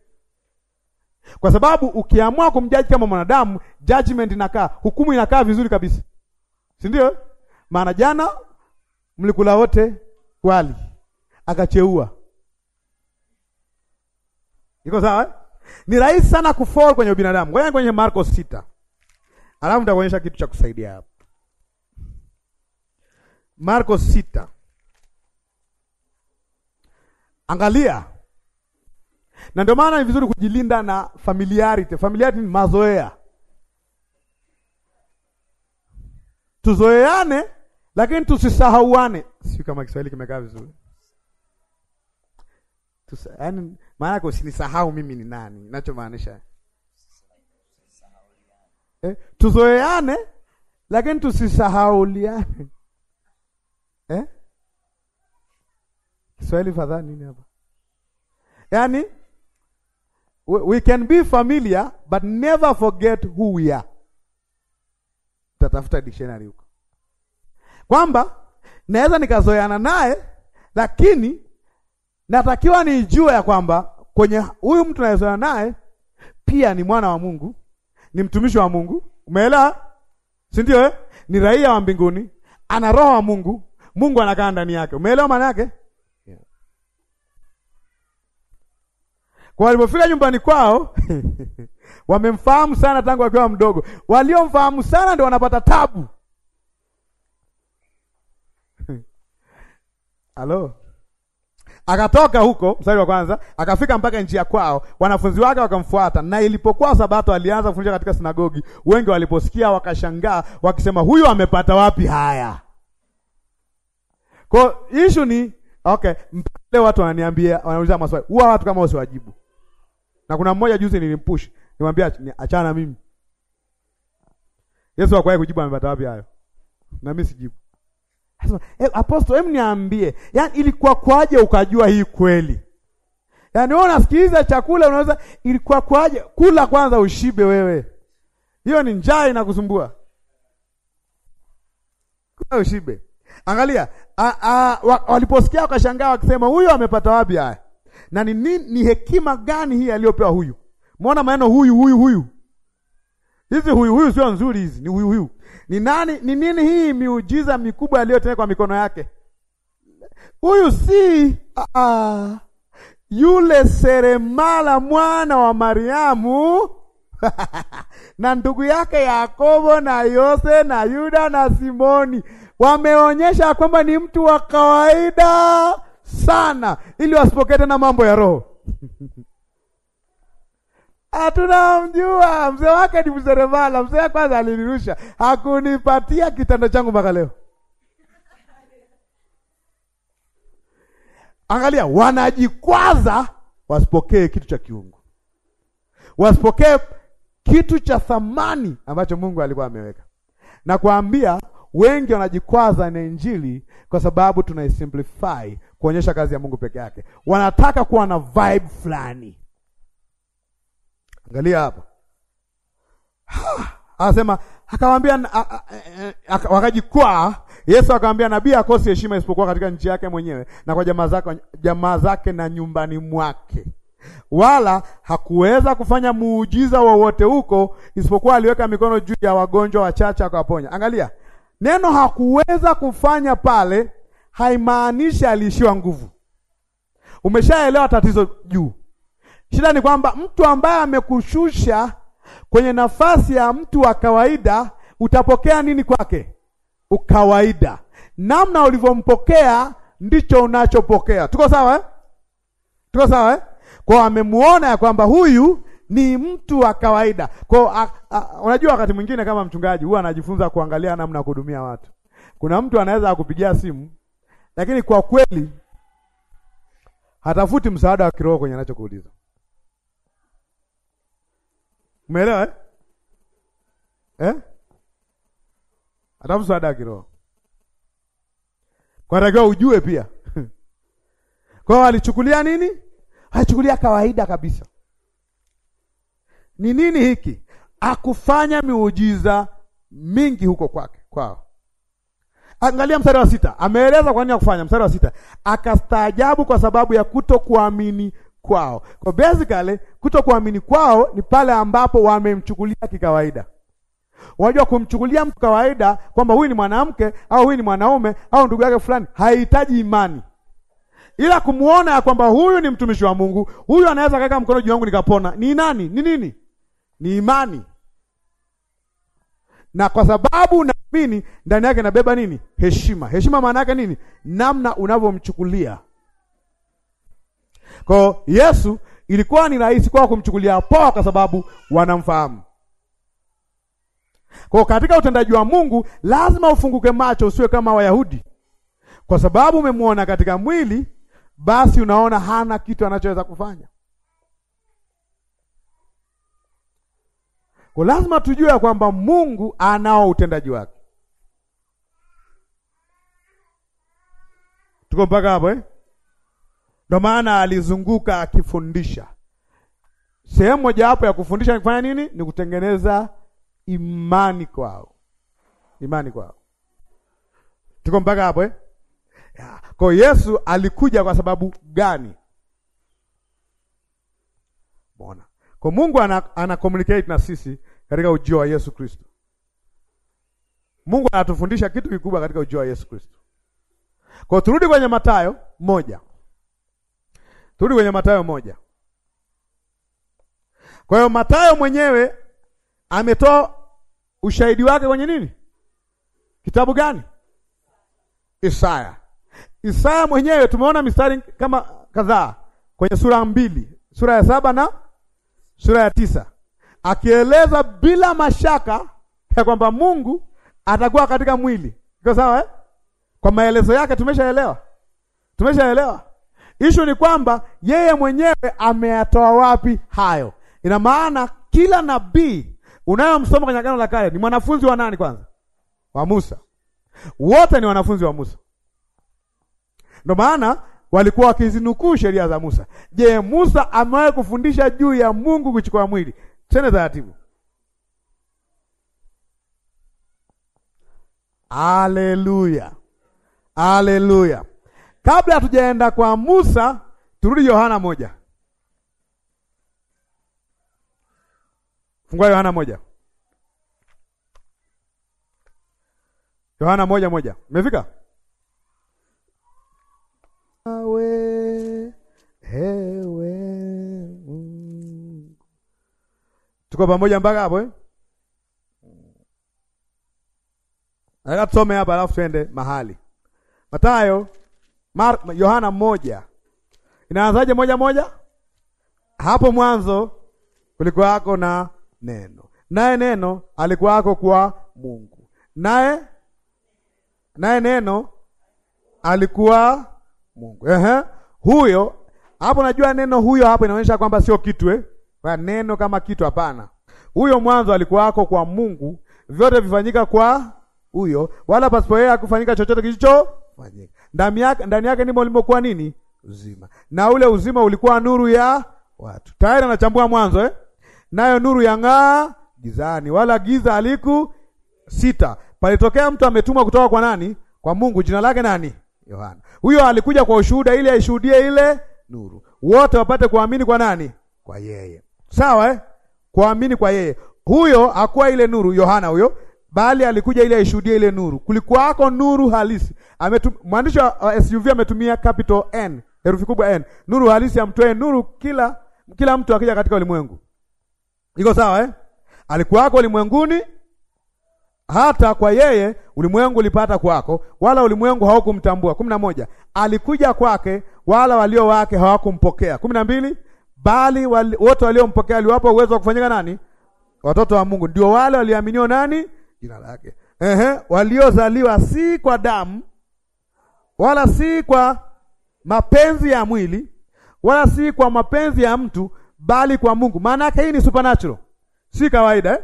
Kwa sababu ukiamua kumjaji kama mwanadamu, judgment inakaa, hukumu inakaa vizuri kabisa. Si ndio? Eh? Maana jana mlikula wote wali akacheua. Iko sawa? Eh? Ni rahisi sana kufall kwenye ubinadamu. Ngoja kwenye Marko sita, alafu nitakuonyesha kitu cha kusaidia hapa. Marko sita, angalia. Na ndio maana ni vizuri kujilinda na familiarity. Familiarity ni mazoea, tuzoeane lakini tusisahauane. Sio kama Kiswahili kimekaa vizuri, yani, maana yake usinisahau mimi ni nani, ninachomaanisha eh, tuzoeane lakini tusisahauliane eh? Kiswahili fadhaa nini hapa? Yaani we, we can be familiar but never forget who we are. Tatafuta dictionary huko, kwamba naweza nikazoeana naye lakini natakiwa nijue ya kwamba kwenye huyu mtu naezana naye pia ni mwana wa Mungu, ni mtumishi wa Mungu. Umeelewa, si ndio? Eh, ni raia wa mbinguni, ana roho wa Mungu, Mungu anakaa ndani yake. Umeelewa maana yake? Kwa walipofika nyumbani kwao wamemfahamu sana tangu akiwa mdogo. Waliomfahamu sana ndio wanapata tabu. Halo Akatoka huko, mstari wa kwanza, akafika mpaka nchi ya kwao, wanafunzi wake wakamfuata. Na ilipokuwa Sabato, alianza kufundisha katika sinagogi. Wengi waliposikia wakashangaa, wakisema, huyu amepata wapi haya? Kwa issue ni okay, mpaka watu wananiambia, wanauliza maswali. Huwa watu kama usiwajibu. Na kuna mmoja juzi nilimpush, nimwambia achana mimi. Yesu akwaye kujibu amepata wapi hayo. Na mimi sijibu. Anasema, e, eh, apostol, hem niambie, yaani ilikuwa kwaje ukajua hii kweli? Yaani wewe unasikiliza chakula unaweza ilikuwa kwaje? Kula kwanza ushibe wewe. Hiyo ni njaa inakusumbua. Kula ushibe. Angalia, a, a, wa, waliposikia wakashangaa wakisema huyo amepata wapi haya? Na ni, ni, ni hekima gani hii aliyopewa huyu? Muona maneno huyu huyu huyu. Hizi huyu huyu sio nzuri hizi, ni huyu huyu. Ni nani, ni nini hii miujiza mikubwa aliyotenda kwa mikono yake? Huyu si uh, yule seremala mwana wa Mariamu na ndugu yake Yakobo na Yose na Yuda na Simoni wameonyesha kwamba ni mtu wa kawaida sana, ili wasipokee tena mambo ya roho mjua mzee wake ni mseremala. Mzee kwanza alinirusha, hakunipatia kitanda changu mpaka leo. Angalia, wanajikwaza wasipokee kitu cha kiungu, wasipokee kitu cha thamani ambacho Mungu alikuwa ameweka. Na kuambia wengi wanajikwaza na Injili kwa sababu tunaisimplify kuonyesha kazi ya Mungu peke yake. Wanataka kuwa na vibe fulani Angalia hapa, anasema akawaambia, wakajikwaa. Yesu akamwambia, nabii akosi heshima isipokuwa katika nchi yake mwenyewe na kwa jamaa zake, jamaa zake na nyumbani mwake wala hakuweza kufanya muujiza wowote huko isipokuwa aliweka mikono juu ya wagonjwa wachache akawaponya. Angalia neno hakuweza kufanya pale, haimaanishi aliishiwa nguvu. Umeshaelewa tatizo juu Shida ni kwamba mtu ambaye amekushusha kwenye nafasi ya mtu wa kawaida, utapokea nini kwake? Ukawaida. Namna ulivyompokea ndicho unachopokea. Tuko sawa eh? Tuko sawa eh? Kwa amemuona ya kwamba huyu ni mtu wa kawaida. a, unajua, wakati mwingine kama mchungaji huwa anajifunza kuangalia namna ya kuhudumia watu. Kuna mtu anaweza akupigia simu, lakini kwa kweli hatafuti msaada wa kiroho kwenye anachokuuliza. Umeelewa eh? Eh? Hata msaada kiroho. Kwa natakiwa ujue pia. Kwa hiyo alichukulia nini? Alichukulia kawaida kabisa. Ni nini hiki? Akufanya miujiza mingi huko kwake kwao. Angalia mstari wa sita. Ameeleza kwa nini akufanya mstari wa sita. Akastaajabu kwa sababu ya kutokuamini kwao. Kwa basically kutokuamini kwao ni pale ambapo wamemchukulia kikawaida. Unajua, kumchukulia mtu kawaida kwamba huyu ni mwanamke au huyu ni mwanaume au ndugu yake fulani haihitaji imani, ila kumuona kwamba huyu ni mtumishi wa Mungu, huyu anaweza kaweka mkono juu yangu nikapona. Ni nani? Ni nini? Ni imani. Na kwa sababu naamini, ndani yake nabeba nini? Heshima. Heshima maana yake nini? Namna unavyomchukulia kwa Yesu ilikuwa ni rahisi kwao kumchukulia poa, kwa sababu wanamfahamu. Kwa katika utendaji wa Mungu lazima ufunguke macho, usiwe kama Wayahudi. Kwa sababu umemwona katika mwili, basi unaona hana kitu anachoweza kufanya. Kwa lazima tujue ya kwamba Mungu anao utendaji wake. Tuko mpaka hapo eh? Ndio maana alizunguka akifundisha. Sehemu mojawapo ya kufundisha ni kufanya nini? Ni kutengeneza imani kwao, imani kwao. Tuko mpaka hapo eh? Kwa Yesu alikuja kwa sababu gani? Mbona kwa Mungu ana, ana communicate na sisi katika ujio wa Yesu Kristo. Mungu anatufundisha kitu kikubwa katika ujio wa Yesu Kristo. Kwa turudi kwenye Mathayo moja Turudi kwenye Mathayo moja. Kwa hiyo Mathayo mwenyewe ametoa ushahidi wake kwenye nini? Kitabu gani? Isaya. Isaya mwenyewe tumeona mistari kama kadhaa kwenye sura mbili, sura ya saba na sura ya tisa, akieleza bila mashaka ya kwamba Mungu atakuwa katika mwili. Iko sawa eh? Kwa maelezo yake tumeshaelewa, tumeshaelewa Ishu ni kwamba yeye mwenyewe ameyatoa wapi hayo? Ina maana kila nabii unayomsoma kwenye Agano la Kale ni mwanafunzi wa nani? Kwanza wa Musa, wote ni wanafunzi wa Musa. Ndio maana walikuwa wakizinukuu sheria za Musa. Je, Musa amewahi kufundisha juu ya Mungu kuchukua mwili? Twende taratibu. Aleluya, aleluya. Kabla hatujaenda kwa Musa, turudi Yohana moja. Fungua Yohana moja. Yohana moja moja. Umefika? Awe, hewe, Tuko pamoja mpaka hapo eh? Nataka tusome hapa alafu twende mahali. Matayo Yohana moja inaanzaje? moja moja, hapo mwanzo kulikuwa na neno, naye neno alikuwa kwa Mungu, naye naye neno alikuwa Mungu. Ehe, huyo hapo najua neno huyo hapo inaonyesha kwamba sio kitu eh? Kwa neno kama kitu hapana. Huyo mwanzo alikuwako kwa Mungu, vyote vifanyika kwa huyo, wala pasipo yeye hakufanyika chochote kilichofanyika ndani yake ndimo ulimokuwa nini uzima, na ule uzima ulikuwa nuru ya watu. Tayari anachambua mwanzo eh? Nayo nuru yang'aa gizani, wala giza aliku sita. Palitokea mtu ametumwa kutoka kwa nani? Kwa Mungu, jina lake nani? Yohana. Huyo alikuja kwa ushuhuda, ili aishuhudie ile nuru, wote wapate kuamini kwa nani? Kwa yeye. Sawa eh? Kuamini kwa yeye. Huyo hakuwa ile nuru, Yohana huyo bali alikuja ili aishuhudie ile nuru, kulikuwako nuru halisi. Mwandishi wa SUV ametumia capital N, herufi kubwa N, nuru halisi, amtoe nuru kila kila mtu akija katika ulimwengu. Iko sawa eh? Alikuwako ulimwenguni, hata kwa yeye ulimwengu ulipata kwako, wala ulimwengu haukumtambua. kumi na moja, alikuja kwake, wala walio wake hawakumpokea. kumi na mbili, bali wote waliompokea aliwapa uwezo wa kufanyika nani? Watoto wa Mungu, ndio wale walioaminiwa nani jina lake. Ehe, waliozaliwa si kwa damu wala si kwa mapenzi ya mwili wala si kwa mapenzi ya mtu, bali kwa Mungu. Maana yake hii ni supernatural, si kawaida eh?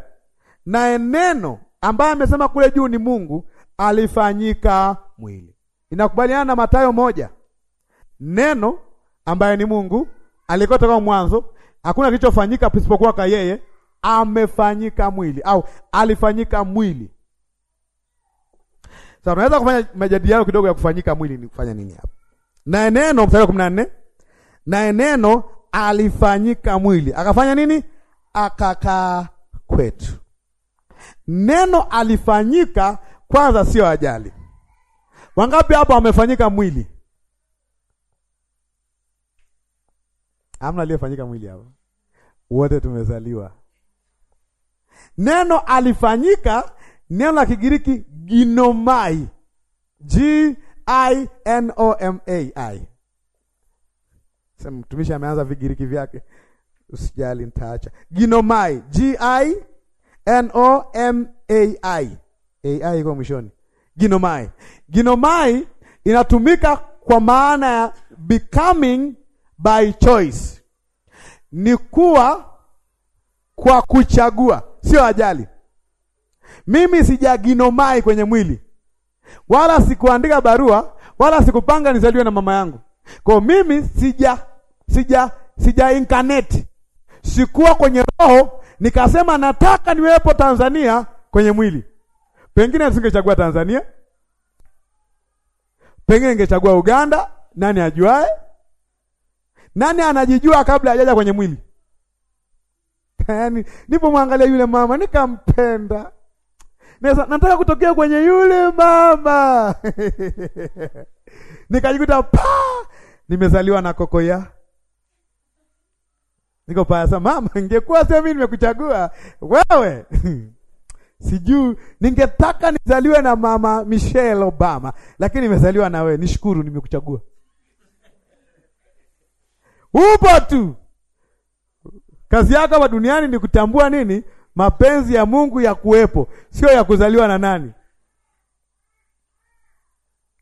Naye neno ambaye amesema kule juu ni Mungu alifanyika mwili, inakubaliana na Mathayo moja. Neno ambaye ni Mungu alikuwa toka mwanzo, hakuna kilichofanyika pasipokuwa kwa yeye, amefanyika mwili au alifanyika mwili. Sasa tunaweza kufanya majadiliano kidogo ya kufanyika mwili ni kufanya nini hapa? Na neno mstari wa 14, na neno alifanyika mwili akafanya nini? Akakaa kwetu. Neno alifanyika kwanza, sio ajali. Wangapi hapa wamefanyika mwili? Hamna aliyefanyika mwili hapa, wote tumezaliwa Neno alifanyika, neno la Kigiriki ginomai, G I N O M A I. Sasa mtumishi ameanza vigiriki vyake, usijali, nitaacha ginomai, G I N O M A I, ai iko mwishoni. Ginomai, ginomai inatumika kwa maana ya becoming by choice, ni kuwa kwa kuchagua sio ajali. Mimi sijaginomai kwenye mwili, wala sikuandika barua, wala sikupanga nizaliwe na mama yangu. Kwa mimi sija sija sija incarnate, sikuwa kwenye roho nikasema nataka niwepo Tanzania kwenye mwili. Pengine singechagua Tanzania, pengine ningechagua Uganda. Nani ajuae? Nani anajijua kabla hajaja kwenye mwili? yaani nipomwangalia yule mama nikampenda, Nesa, nataka kutokea kwenye yule mama nikajikuta pa nimezaliwa na koko ya niko paya sa mama, ningekuwa sio mimi nimekuchagua wewe sijui ningetaka nizaliwe na mama Michelle Obama, lakini nimezaliwa na wewe, nishukuru nimekuchagua, upo tu. Kazi yako hapa duniani ni kutambua nini? Mapenzi ya Mungu ya kuwepo, sio ya kuzaliwa na nani.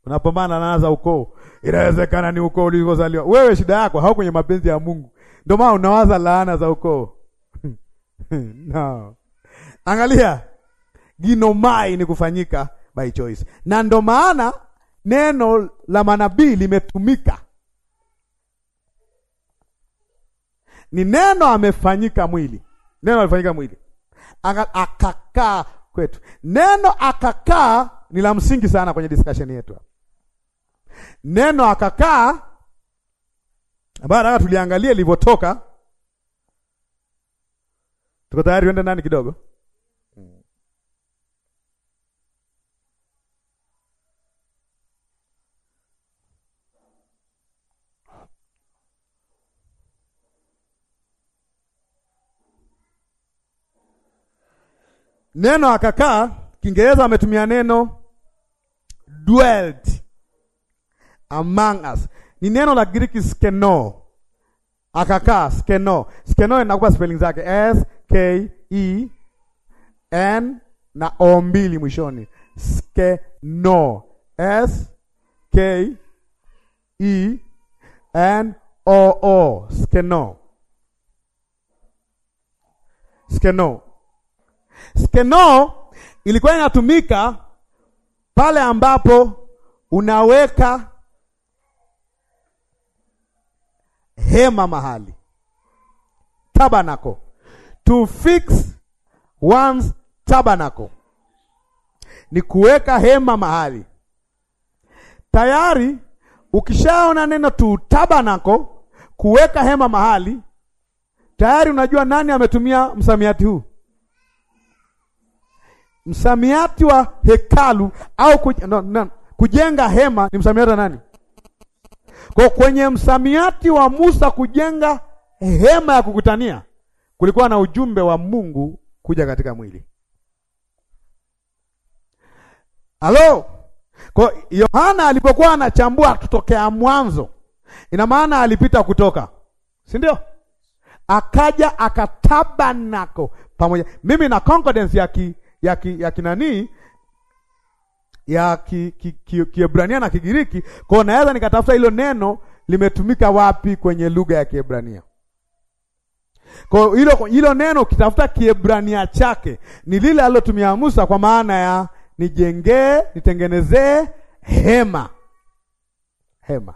Unapambana na za ukoo, inawezekana ni ukoo ulivyozaliwa wewe. Shida yako hauko kwenye mapenzi ya Mungu, ndio maana unawaza laana za ukoo. No, angalia ginomai ni kufanyika by choice, na ndio maana neno la manabii limetumika ni neno amefanyika mwili, neno alifanyika mwili akakaa kwetu. Neno akakaa ni la msingi sana kwenye discussion yetu. Neno akakaa ambayo tuliangalia tuliangalie Tuko tayari, tuende ndani kidogo. Neno akakaa, Kiingereza ametumia neno dwelt among us. Ni neno la Greek skeno. Akakaa skeno. Skeno inakuwa spelling zake S K E N na O mbili mwishoni. Skeno. S K E N O O skeno. Skeno. Skeno ilikuwa inatumika pale ambapo unaweka hema mahali tabanako, to fix one's tabanako, ni kuweka hema mahali tayari. Ukishaona neno tu tabanako, kuweka hema mahali tayari, unajua nani ametumia msamiati huu. Msamiati wa hekalu au kuj no, no, kujenga hema ni msamiati wa nani? Kwa kwenye msamiati wa Musa kujenga hema ya kukutania kulikuwa na ujumbe wa Mungu kuja katika mwili. Halo? Kwa Yohana alipokuwa anachambua tutokea mwanzo, ina maana alipita kutoka, si ndio? Akaja akatabanako pamoja. Mimi na concordance ya ki ya ki, ya kinani ya ki, ki, ki, ki na Kigiriki. Kwa naweza nikatafuta hilo neno limetumika wapi kwenye lugha ya Kiebrania. Kwa hilo hilo neno kitafuta Kiebrania chake ni lile alilotumia Musa kwa maana ya nijengee, nitengenezee hema hema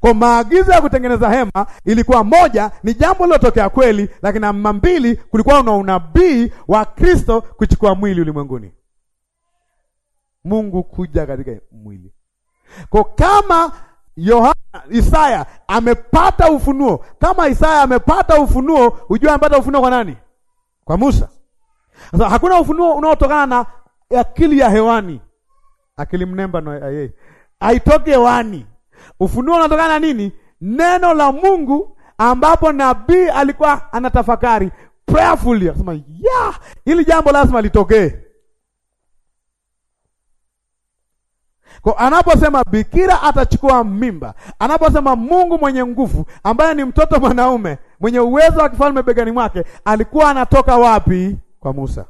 kwa maagizo ya kutengeneza hema ilikuwa moja, ni jambo lilotokea kweli, lakini namba mbili, kulikuwa na unabii wa Kristo kuchukua mwili ulimwenguni, Mungu kuja katika mwili. Kwa kama Yohana Isaya amepata ufunuo, kama Isaya amepata ufunuo, ujue amepata ufunuo kwa nani? Kwa Musa. Sasa hakuna ufunuo unaotokana na akili ya hewani, akili mnemba no, yeye haitoki hewani Ufunuo unatokana na nini? Neno la Mungu ambapo nabii alikuwa anatafakari prayerfully, akasema ya hili jambo lazima litokee. Kwa anaposema bikira atachukua mimba, anaposema Mungu mwenye nguvu ambaye ni mtoto mwanaume mwenye uwezo wa kifalme begani mwake, alikuwa anatoka wapi? Kwa Musa.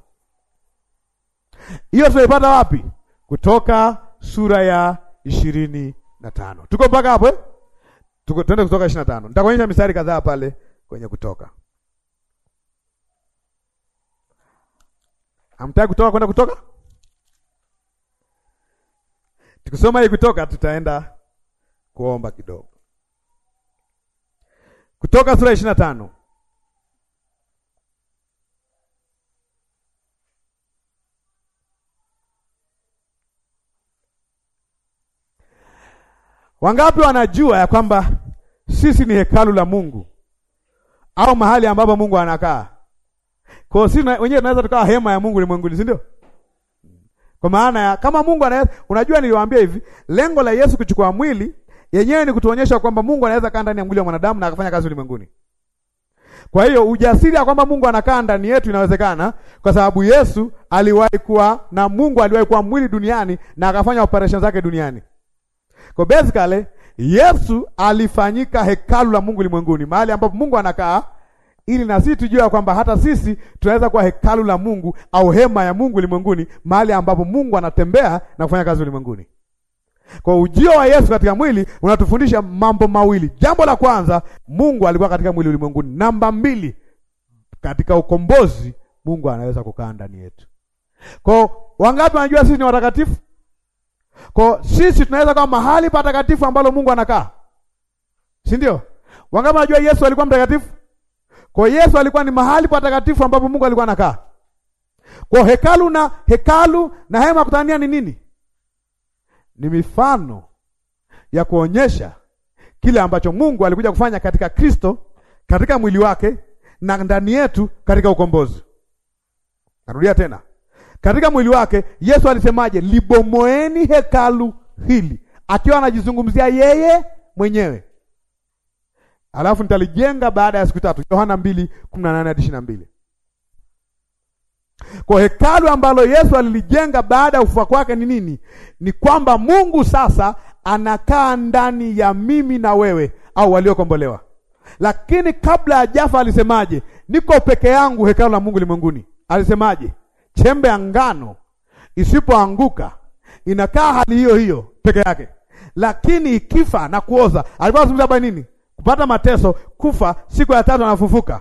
Hiyo tunaipata wapi? Kutoka sura ya ishirini na tano. Tuko mpaka hapo eh? Tuko twende Kutoka 25. Nitakuonyesha mistari kadhaa pale kwenye Kutoka. Amtaki kutoka kwenda Kutoka? Tukisoma hii Kutoka tutaenda kuomba kidogo. Kutoka sura tano Wangapi wanajua ya kwamba sisi ni hekalu la Mungu au mahali ambapo Mungu anakaa? Kwa hiyo sisi wenyewe tunaweza tukawa hema ya Mungu ulimwenguni, si ndio? Kwa maana ya kama Mungu anaweza, unajua, niliwaambia hivi, lengo la Yesu kuchukua mwili yenyewe ni kutuonyesha kwamba Mungu anaweza kaa ndani ya mwili wa mwanadamu na akafanya kazi ulimwenguni. Kwa hiyo ujasiri ya kwamba Mungu anakaa ndani yetu inawezekana kwa sababu Yesu aliwahi kuwa na Mungu aliwahi kuwa mwili duniani na akafanya operation zake duniani. Kwa basically Yesu alifanyika hekalu la Mungu limwenguni, mahali ambapo Mungu anakaa, ili na sisi tujue kwamba hata sisi tunaweza kuwa hekalu la Mungu au hema ya Mungu limwenguni, mahali ambapo Mungu anatembea na kufanya kazi ulimwenguni. Kwa ujio wa Yesu katika mwili unatufundisha mambo mawili. Jambo la kwanza, Mungu alikuwa katika mwili ulimwenguni. Namba mbili, katika ukombozi Mungu anaweza kukaa ndani yetu. Kwa wangapi wanajua sisi ni watakatifu? Kwa sisi tunaweza kama mahali patakatifu ambalo Mungu anakaa, si ndio? Wangapi wanajua Yesu alikuwa mtakatifu? Kwa Yesu alikuwa ni mahali patakatifu ambapo Mungu alikuwa anakaa. Kwa hekalu na hekalu na hema ya kutania ni nini? Ni mifano ya kuonyesha kile ambacho Mungu alikuja kufanya katika Kristo, katika mwili wake na ndani yetu katika ukombozi. Narudia tena katika mwili wake. Yesu alisemaje? Libomoeni hekalu hili, akiwa anajizungumzia yeye mwenyewe, alafu nitalijenga baada ya siku tatu, Yohana 2:18 hadi 22. Kwa hekalu ambalo Yesu alilijenga baada ya ufufuko kwake ni nini? Ni kwamba Mungu sasa anakaa ndani ya mimi na wewe au waliokombolewa. Lakini kabla ya jafa alisemaje? Niko peke yangu hekalu la Mungu limwenguni. Alisemaje? chembe ya ngano isipoanguka inakaa hali hiyo hiyo peke yake, lakini ikifa na kuoza. Alikuwa anazungumza baba nini? Kupata mateso, kufa, siku ya tatu anafufuka.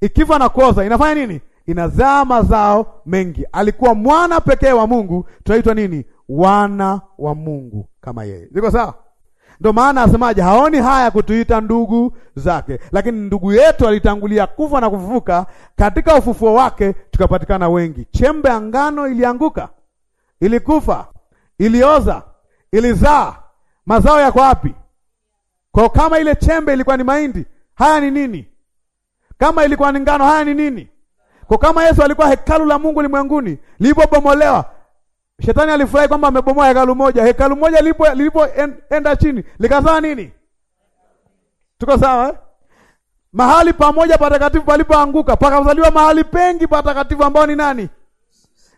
Ikifa na kuoza inafanya nini? Inazaa mazao mengi. Alikuwa mwana pekee wa Mungu, tunaitwa nini? Wana wa Mungu kama yeye. Ziko sawa? Ndio maana asemaje, haoni haya kutuita ndugu zake, lakini ndugu yetu alitangulia kufa na kufufuka, katika ufufuo wake tukapatikana wengi. Chembe ya ngano ilianguka, ilikufa, ilioza, ilizaa mazao. Yako wapi? Kwa kama ile chembe ilikuwa ni mahindi, haya ni nini? Kama ilikuwa ni ngano, haya ni nini? Kwa kama Yesu alikuwa hekalu la Mungu ulimwenguni lilipobomolewa Shetani alifurahi kwamba amebomoa hekalu moja. Hekalu moja lilipo lilipoenda chini likazaa nini? Tuko sawa eh? Mahali pamoja patakatifu palipoanguka pakazaliwa mahali pengi patakatifu ambao ni nani?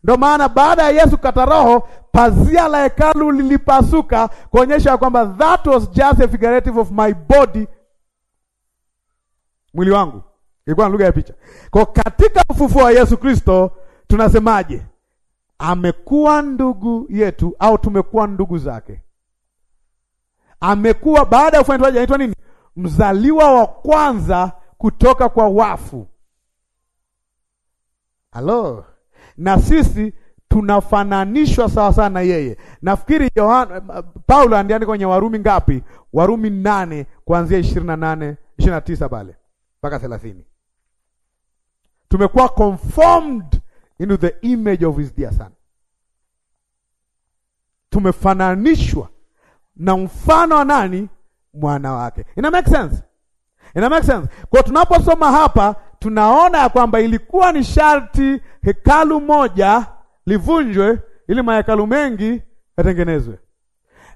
Ndio maana baada ya Yesu kata roho, pazia la hekalu lilipasuka kuonyesha kwamba that was just a figurative of my body, mwili wangu. Ilikuwa lugha ya picha. Kwa katika ufufuo wa Yesu Kristo tunasemaje? amekuwa ndugu yetu au tumekuwa ndugu zake. Amekuwa baada ya ufufuo anaitwa nini? Mzaliwa wa kwanza kutoka kwa wafu. Halo, na sisi tunafananishwa sawa sana yeye. Nafikiri Yohana Paulo andiani kwenye Warumi ngapi? Warumi nane kuanzia ishirini na nane ishirini na tisa pale mpaka thelathini tumekuwa conformed into the image of his dear son. Tumefananishwa na mfano wa nani? Mwana wake. Ina make sense? Ina make sense? Kwa tunaposoma hapa tunaona ya kwamba ilikuwa ni sharti hekalu moja livunjwe ili mahekalu mengi yatengenezwe.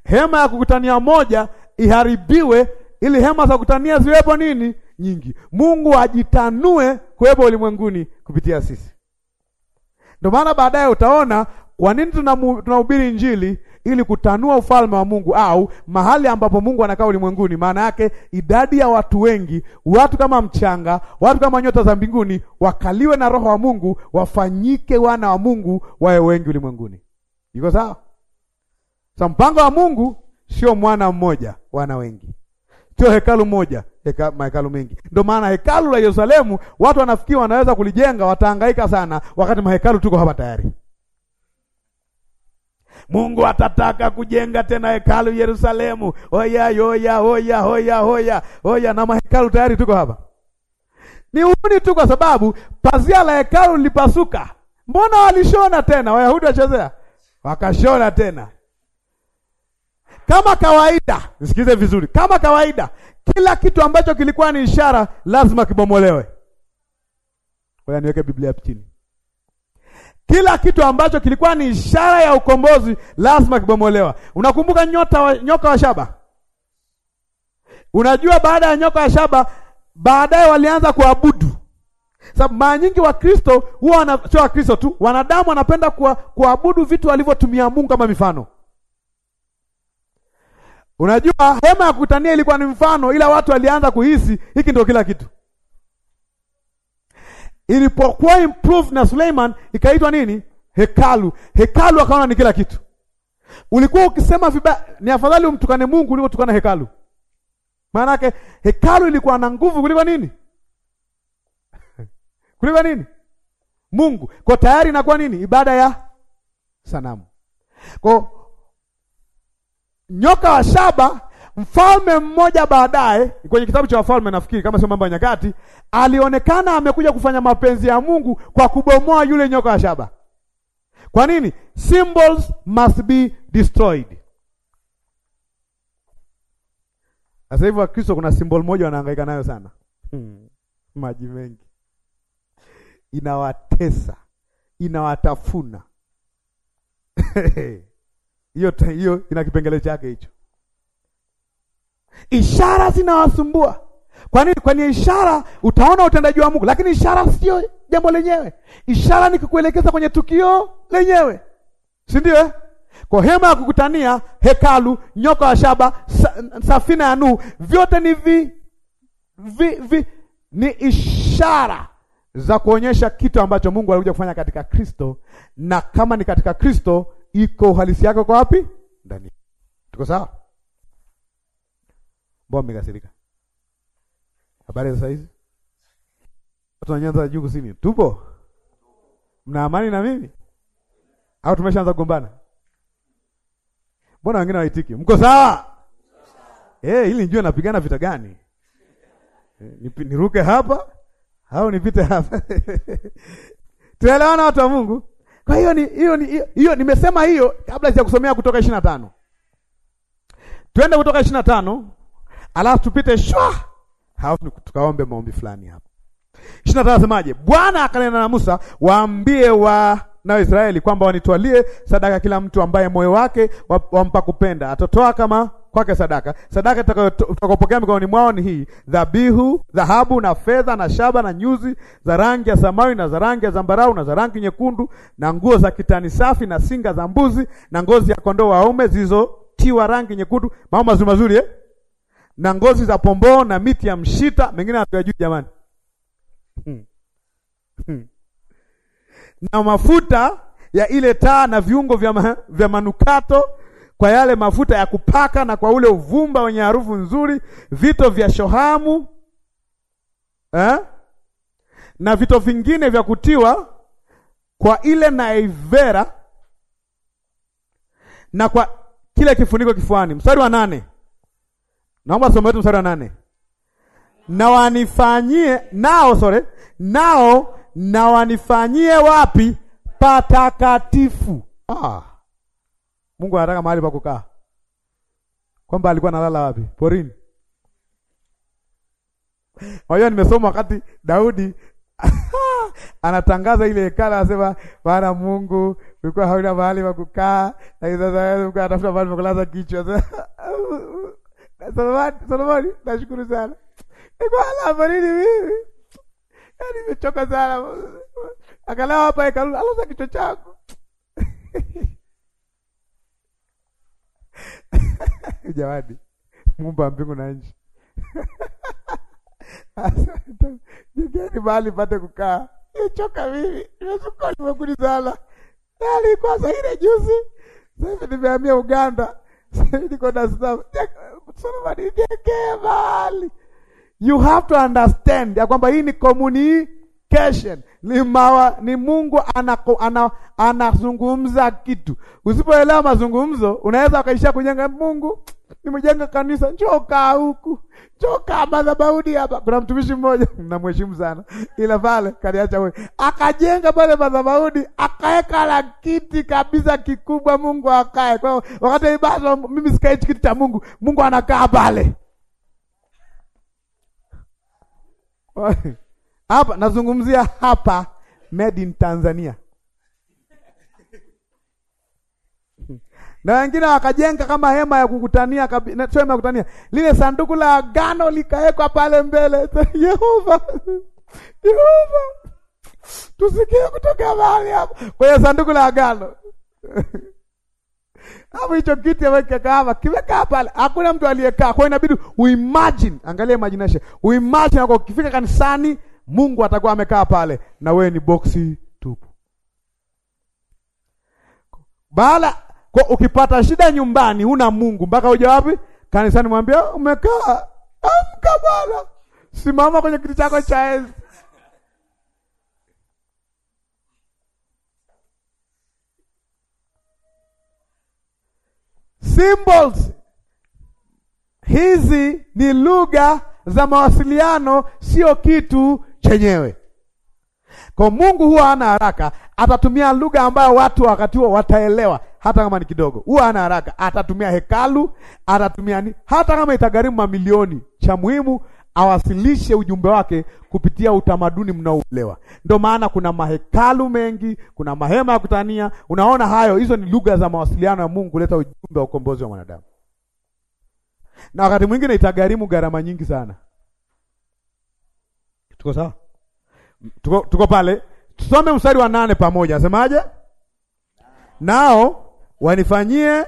Hema ya kukutania moja iharibiwe ili hema za kukutania ziwepo nini? Nyingi. Mungu ajitanue kuwepo ulimwenguni kupitia sisi. Ndio maana baadaye utaona kwa nini tunahubiri Injili ili kutanua ufalme wa Mungu au mahali ambapo Mungu anakaa ulimwenguni. Maana yake idadi ya watu wengi, watu kama mchanga, watu kama nyota za mbinguni, wakaliwe na roho wa Mungu, wafanyike wana wa Mungu, wawe wengi ulimwenguni. Iko sawa? Sa mpango wa Mungu sio mwana mmoja, wana wengi sio hekalu moja heka, mahekalu mengi. Ndio maana hekalu la Yerusalemu watu wanafikiri wanaweza kulijenga, watahangaika sana, wakati mahekalu tuko hapa tayari. Mungu atataka kujenga tena hekalu Yerusalemu. Oya, oya, oya, oya, oya, oya, na mahekalu tayari tuko hapa. Ni uni tu, kwa sababu pazia la hekalu lilipasuka. Mbona walishona tena Wayahudi wachezea, wakashona tena kama kawaida, nisikize vizuri, kama kawaida, kila kitu ambacho kilikuwa ni ishara lazima kibomolewe. Kwa niweke Biblia hapo chini. Kila kitu ambacho kilikuwa ni ishara ya ukombozi lazima kibomolewa. Unakumbuka nyota wa, nyoka wa shaba? Unajua, baada ya nyoka wa shaba baadaye walianza kuabudu. Sababu mara nyingi Wakristo huwa sio Wakristo tu, wanadamu wanapenda kuabudu vitu walivyotumia Mungu kama mifano Unajua hema ya kukutania ilikuwa ni mfano, ila watu walianza kuhisi hiki ndio kila kitu. Ilipokuwa improved na Suleiman ikaitwa nini? Hekalu. Hekalu akaona ni kila kitu. Ulikuwa ukisema vibaya, ni afadhali umtukane Mungu kuliko tukana hekalu. Maana yake hekalu ilikuwa na nguvu kuliko nini? kuliko nini? Mungu. Kwa tayari inakuwa nini? Ibada ya sanamu. Kwa nyoka wa shaba mfalme mmoja baadaye, kwenye kitabu cha Wafalme nafikiri kama sio Mambo ya Nyakati, alionekana amekuja kufanya mapenzi ya Mungu kwa kubomoa yule nyoka wa shaba. Kwa nini? Symbols must be destroyed. Sasa hivi Wakristo kuna symbol moja wanahangaika nayo sana, hmm. Maji mengi inawatesa, inawatafuna hiyo hiyo ina kipengele chake hicho. Ishara zinawasumbua. Kwani kwenye ishara utaona utendaji wa Mungu, lakini ishara sio jambo lenyewe. Ishara ni kukuelekeza kwenye tukio lenyewe, si ndio? Eh, kwa hema ya kukutania, hekalu, nyoka wa shaba, sa, safina ya Nuhu, vyote ni vi, vi, vi, ni ishara za kuonyesha kitu ambacho Mungu alikuja kufanya katika Kristo, na kama ni katika Kristo iko uhalisi yako kwa wapi? Ndani. Tuko sawa? Mbona mmekasirika? Habari za saizi? Watu wa Nyanza juu kusini, tupo? Mna amani na mimi au tumeshaanza kugombana? Mbona wengine waitiki, mko sawa? Eh, ili nijue napigana vita gani? Eh, niruke hapa au nipite hapa? Tuelewana watu wa Mungu. Kwa hiyo ni hiyo ni hiyo nimesema hiyo kabla ya kusomea kutoka 25. Twende kutoka 25, alafu tupite shwa. Halafu tukaombe maombi fulani hapa. 25 nasemaje? Bwana akanena na Musa, waambie wa na Israeli kwamba wanitwalie sadaka kila mtu ambaye moyo wake wampa kupenda. Atatoa kama kwake sadaka. Sadaka tutakopokea mikononi mwao ni hii: dhabihu, dhahabu na fedha na shaba na nyuzi za rangi ya samawi na za rangi ya zambarau na za rangi nyekundu na nguo za kitani safi na singa za mbuzi na ngozi ya kondoo waume zilizotiwa rangi nyekundu, mambo mazuri mazuri eh? na ngozi za pomboo na miti ya mshita, mengine hatuyajui jamani. hmm. Hmm. na mafuta ya ile taa na viungo vya, ma, vya manukato kwa yale mafuta ya kupaka na kwa ule uvumba wenye harufu nzuri, vito vya shohamu eh? na vito vingine vya kutiwa kwa ile naivera na kwa kile kifuniko kifuani. Mstari wa nane, naomba somo wetu, mstari wa nane na wanifanyie nao, sorry, nao na wanifanyie wapi? Patakatifu. ah. Mungu anataka mahali pa kukaa. Kwamba alikuwa analala wapi? Porini. Kwa nimesoma wakati Daudi anatangaza ile hekalu, anasema Bwana Mungu ulikuwa hauna mahali pa kukaa, na sasa anatafuta mahali pa kulaza kichwa. Solomoni, nashukuru sana Niko hapa nini mimi yaani nimechoka sana, angalau hapa hekalu alaza kichwa chako Jawadi, mumba wa mbingu na nchi jigeni mahali pate kukaa. Nimechoka mimi, nimezuka, nimekulizala alikuwa Zaire juzi, sasa nimehamia Uganda, sasa hivi niko Dar es Salaam. Solomon, mahali, you have to understand ya kwamba hii ni komuni communication ni mawa, ni Mungu anako, ana, anazungumza kitu. Usipoelewa mazungumzo unaweza ukaishia kujenga Mungu, nimejenga kanisa, njoka huku, njoka madhabahuni hapa. Kuna mtumishi mmoja namheshimu sana, ila pale kaniacha wewe, akajenga pale madhabahuni, akaweka la kiti kabisa kikubwa, Mungu akae. Kwa wakati ibada mimi sikae kiti cha Mungu, Mungu anakaa pale hapa nazungumzia hapa, made in Tanzania na wengine wakajenga kama hema ya kukutania kabisa, sio hema ya kukutania, lile sanduku la agano likawekwa pale mbele. Yehova, Yehova, tusikie kutoka mahali hapo kwenye sanduku la agano hapo. hicho kiti ya weka kama kimekaa pale, hakuna mtu aliyekaa. Kwa hiyo inabidi uimagine, angalia imagination, uimagine ako ukifika kanisani Mungu atakuwa amekaa pale na wewe ni boksi tupu. Bala kwa ukipata shida nyumbani, huna Mungu mpaka uje wapi? Kanisani, mwambie umekaa, amka bwana, simama kwenye kiti chako cha enzi. Symbols hizi ni lugha za mawasiliano, sio kitu chenyewe. Kwa Mungu huwa hana haraka, atatumia lugha ambayo watu wakati huo wataelewa, hata kama ni kidogo. Huwa hana haraka, atatumia hekalu, atatumia ni hata kama itagharimu mamilioni. Cha muhimu awasilishe ujumbe wake kupitia utamaduni mnaoelewa Ndio maana kuna mahekalu mengi, kuna mahema ya kutania. Unaona, hayo hizo ni lugha za mawasiliano ya Mungu kuleta ujumbe wa ukombozi wa mwanadamu, na wakati mwingine itagharimu gharama nyingi sana. Tuko sawa? Tuko, tuko pale. Tusome mstari wa nane pamoja. Asemaje? Nao wanifanyie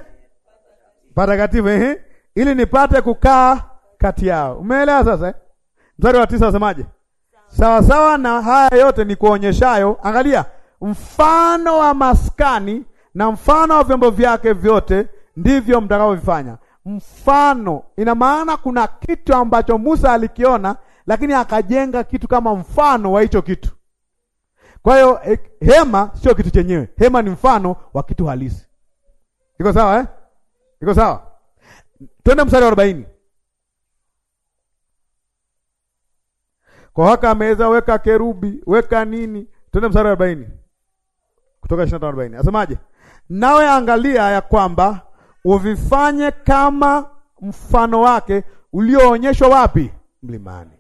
patakatifu eh, ili nipate kukaa kati yao. Umeelewa sasa? Eh? Mstari wa tisa asemaje? Sawa sawa na haya yote ni kuonyeshayo, angalia, mfano wa maskani na mfano wa vyombo vyake vyote ndivyo mtakavyofanya. Mfano ina maana kuna kitu ambacho Musa alikiona lakini akajenga kitu kama mfano wa hicho kitu. Kwa hiyo eh, hema sio kitu chenyewe, hema ni mfano wa kitu halisi. Iko sawa eh? Iko sawa. Twende mstari wa arobaini. Kwa haka ameweza weka kerubi, weka nini? Twende mstari wa 40. Kutoka 40. Anasemaje? Nawe angalia ya kwamba uvifanye kama mfano wake ulioonyeshwa wapi? Mlimani.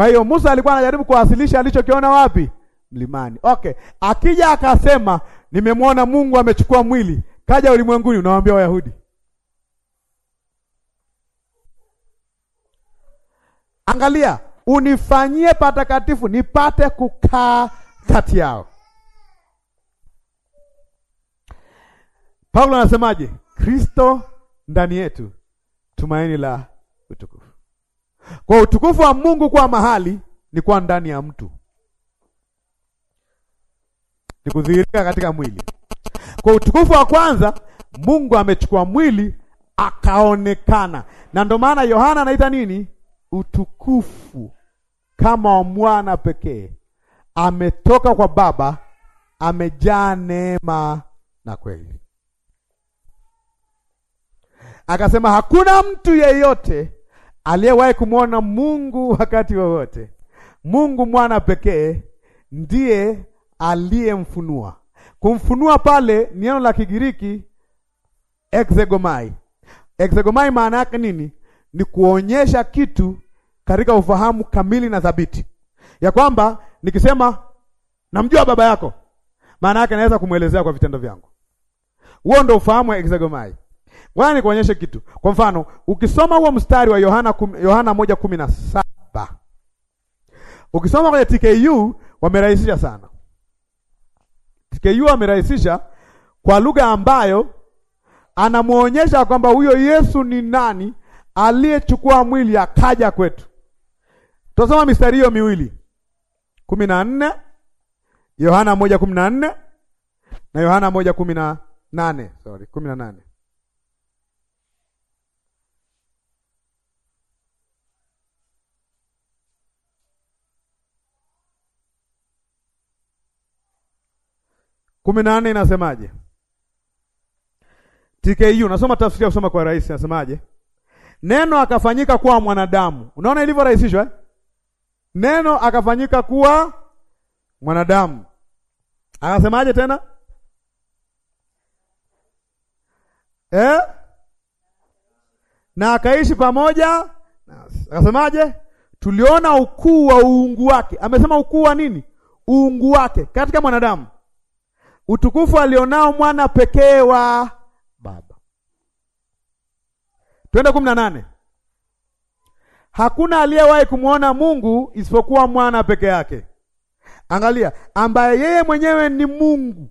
Kwa hiyo Musa alikuwa anajaribu kuwasilisha alichokiona wapi? Mlimani. Okay, akija akasema nimemwona Mungu amechukua mwili, kaja ulimwenguni, unawaambia Wayahudi. Angalia, unifanyie patakatifu nipate kukaa kati yao. Paulo anasemaje? Kristo ndani yetu, tumaini la utukufu. Kwa utukufu wa Mungu kwa mahali ni kwa ndani ya mtu, ni kudhihirika katika mwili. Kwa utukufu wa kwanza, Mungu amechukua mwili akaonekana, na ndio maana Yohana anaita nini? Utukufu kama wa mwana pekee, ametoka kwa Baba, amejaa neema na kweli. Akasema hakuna mtu yeyote aliyewahi kumwona Mungu wakati wowote wa Mungu mwana pekee ndiye aliyemfunua. Kumfunua pale ni neno la Kigiriki exegomai. Exegomai maana yake nini? Ni kuonyesha kitu katika ufahamu kamili na thabiti, ya kwamba nikisema namjua baba yako, maana yake naweza kumwelezea kwa vitendo vyangu. Huo ndio ufahamu wa exegomai. Ngoja nikuonyeshe kitu. Kwa mfano, ukisoma huo mstari wa Yohana Yohana 1:17. Ukisoma kwenye TKU wamerahisisha sana. TKU wamerahisisha kwa lugha ambayo anamwonyesha kwamba huyo Yesu ni nani aliyechukua mwili akaja kwetu. Tutasoma mistari hiyo miwili. 14 Yohana 1:14 na Yohana 1:18. Sorry, kumi na nne inasemaje? TKU nasoma tafsiri ya kusoma kwa rahisi, nasemaje? Neno akafanyika kuwa mwanadamu. Unaona rahisishwa eh? Neno akafanyika kuwa mwanadamu, akasemaje tena eh? na akaishi pamoja akasemaje? Tuliona ukuu wa uungu wake. Amesema ukuu wa nini? Uungu wake katika mwanadamu utukufu alionao mwana pekee wa Baba. Twende kumi na nane. Hakuna aliyewahi kumwona Mungu isipokuwa mwana peke yake. Angalia, ambaye yeye mwenyewe ni Mungu.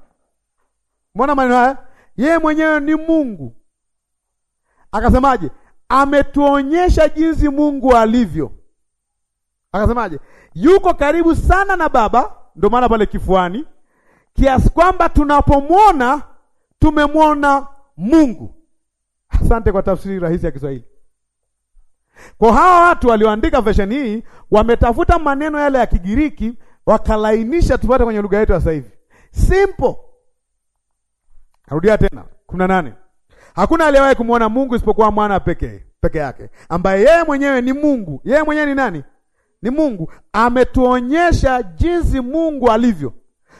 Mbona maneno haya? Yeye mwenyewe ni Mungu. Akasemaje? Ametuonyesha jinsi Mungu alivyo. Akasemaje? Yuko karibu sana na Baba, ndio maana pale kifuani kiasi kwamba tunapomwona tumemwona Mungu. Asante kwa tafsiri rahisi ya Kiswahili. Kwa hawa watu walioandika version hii wametafuta maneno yale ya Kigiriki wakalainisha tupate kwenye lugha yetu sasa hivi. Simple. Narudia tena kumi na Hakuna aliyewahi kumwona Mungu isipokuwa mwana pekee peke yake ambaye yeye mwenyewe ni Mungu. Yeye mwenyewe ni nani? Ni Mungu. Ametuonyesha jinsi Mungu alivyo.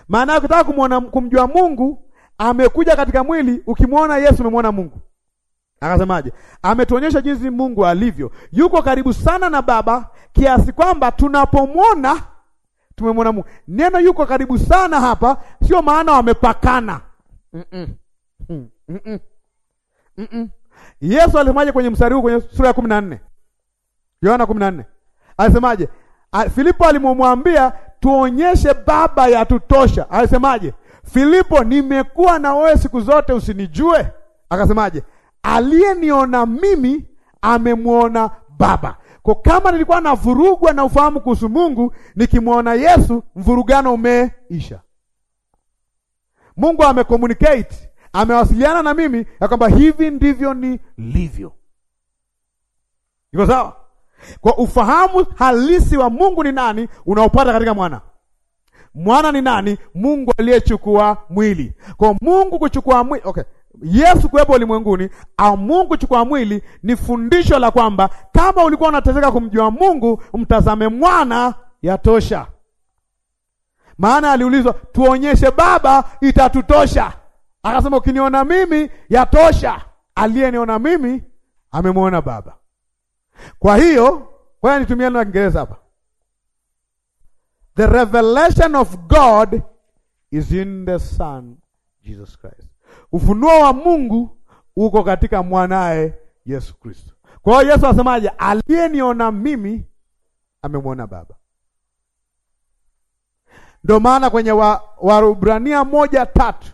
Maana ukitaka kumwona kumjua Mungu amekuja katika mwili, ukimwona Yesu umemwona Mungu. Akasemaje? Ametuonyesha jinsi Mungu alivyo, yuko karibu sana na Baba kiasi kwamba tunapomwona tumemwona Mungu. Neno yuko karibu sana hapa sio maana wamepakana. mm -mm. mm -mm. mm -mm. Yesu alisemaje kwenye mstari huu kwenye sura ya kumi na nne Yohana kumi na nne alisemaje? Filipo alimwambia tuonyeshe Baba yatutosha. Alisemaje? Filipo, nimekuwa na wewe siku zote, usinijue? Akasemaje? aliyeniona mimi amemwona Baba. Kwa kama nilikuwa navurugwa na ufahamu kuhusu Mungu, nikimwona Yesu mvurugano umeisha. Mungu amecommunicate, amewasiliana na mimi ya kwamba hivi ndivyo nilivyo. Iko sawa? Kwa ufahamu halisi wa Mungu ni nani unaopata katika mwana. Mwana ni nani? Mungu aliyechukua mwili. Kwa Mungu kuchukua mwili, okay. Yesu kuwepo ulimwenguni au Mungu kuchukua mwili ni fundisho la kwamba kama ulikuwa unateseka kumjua Mungu, mtazame mwana, yatosha. Maana aliulizwa, tuonyeshe Baba itatutosha. Akasema, ukiniona mimi yatosha, aliyeniona mimi amemwona Baba. Kwa hiyo kwa nitumie neno la Kiingereza hapa, the revelation of God is in the son Jesus Christ. Ufunuo wa Mungu uko katika mwanaye Yesu Kristo. Kwa hiyo Yesu asemaje? Aliyeniona mimi amemwona Baba. Ndio maana kwenye Waebrania wa moja tatu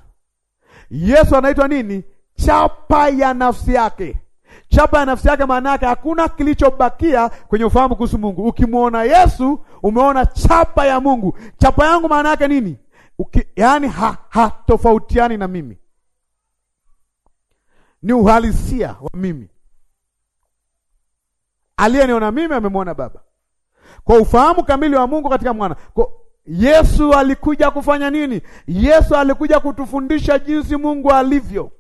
Yesu anaitwa nini? Chapa ya nafsi yake chapa ya nafsi yake, maana yake hakuna kilichobakia kwenye ufahamu kuhusu Mungu. Ukimwona Yesu umeona chapa ya Mungu. Chapa yangu maana yake nini? Uki, yani hatofautiani ha, na mimi, ni uhalisia wa mimi. Aliyeniona mimi amemwona Baba, kwa ufahamu kamili wa Mungu katika mwana kwa Yesu alikuja kufanya nini? Yesu alikuja kutufundisha jinsi Mungu alivyo.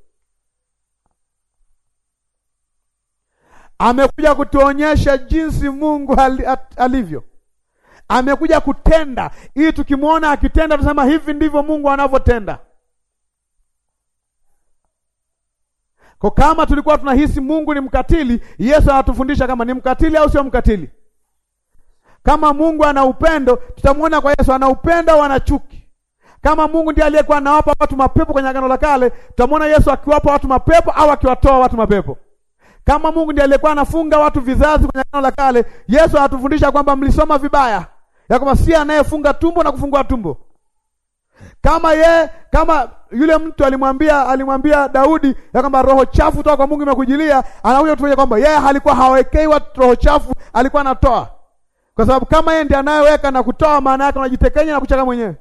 Amekuja kutuonyesha jinsi Mungu alivyo, amekuja kutenda, ili tukimwona akitenda tusema hivi ndivyo Mungu anavyotenda. Kwa kama tulikuwa tunahisi Mungu ni mkatili, Yesu anatufundisha kama ni mkatili au sio mkatili. Kama Mungu ana upendo, tutamwona kwa Yesu ana upendo au ana chuki. Kama Mungu ndiye aliyekuwa anawapa watu mapepo kwenye Agano la Kale, tutamwona Yesu akiwapa watu mapepo au akiwatoa watu mapepo. Kama Mungu ndiye alikuwa anafunga watu vizazi kwenye agano la kale, Yesu anatufundisha kwamba mlisoma vibaya ya kwamba si anayefunga tumbo na kufungua tumbo. Kama ye kama yule mtu alimwambia alimwambia Daudi ya kwamba roho chafu toka kwa Mungu imekujilia, anakuja kutuonyesha kwamba yeye alikuwa watu roho chafu, alikuwa anatoa. Kwa sababu kama yeye ndiye anayeweka na kutoa, maana yake anajitekenya na kuchaka mwenyewe.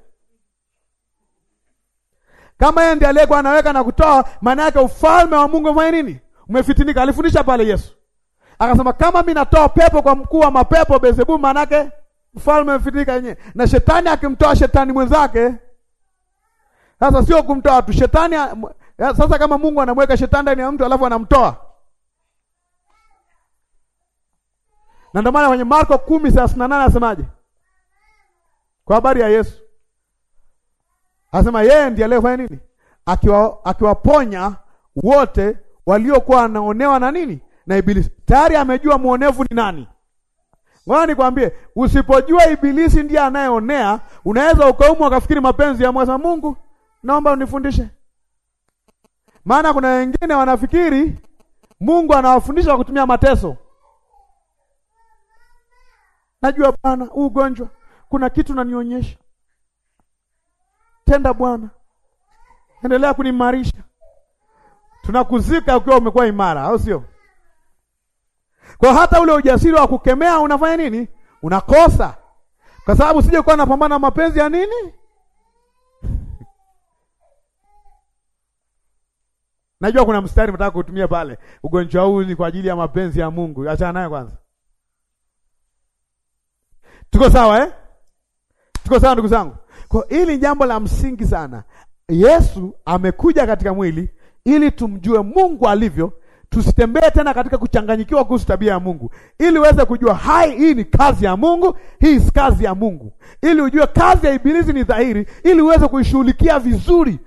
Kama yeye ndiye aliyekuwa anaweka na kutoa, maana yake ufalme wa Mungu umefanya nini? umefitinika. Alifundisha pale Yesu akasema, kama mimi natoa pepo kwa mkuu wa mapepo Beelzebub, manake mfalme amefitinika yenyewe, na shetani akimtoa shetani mwenzake. Sasa sio kumtoa tu shetani ya, sasa kama Mungu anamweka shetani ndani ya mtu alafu anamtoa na ndio maana kwenye Marko 10:38 anasemaje? kwa habari ya Yesu? Anasema yeye ndiye aliyefanya nini? Akiwa akiwaponya wote waliokuwa wanaonewa na nini na Ibilisi. Tayari amejua muonevu ni nani. Ngoja nikwambie, usipojua Ibilisi ndiye anayeonea, unaweza ukaumwa ukafikiri mapenzi ya Mwenyezi Mungu, naomba unifundishe. Maana kuna wengine wanafikiri Mungu anawafundisha kwa kutumia mateso. Najua Bwana, huu ugonjwa kuna kitu nanionyesha. Tenda Bwana, endelea kunimarisha tunakuzika ukiwa umekuwa imara, au sio? Kwa hata ule ujasiri wa kukemea unafanya nini? Unakosa, kwa sababu sije kuwa napambana mapenzi ya nini. Najua kuna mstari nataka kutumia pale, ugonjwa huu ni kwa ajili ya mapenzi ya Mungu. Achana naye kwanza. Tuko sawa eh? Tuko sawa ndugu zangu. Kwa hili jambo la msingi sana. Yesu amekuja katika mwili ili tumjue Mungu alivyo, tusitembee tena katika kuchanganyikiwa kuhusu tabia ya Mungu, ili uweze kujua hai, hii ni kazi ya Mungu, hii si kazi ya Mungu, ili ujue kazi ya Ibilisi ni dhahiri, ili uweze kuishughulikia vizuri.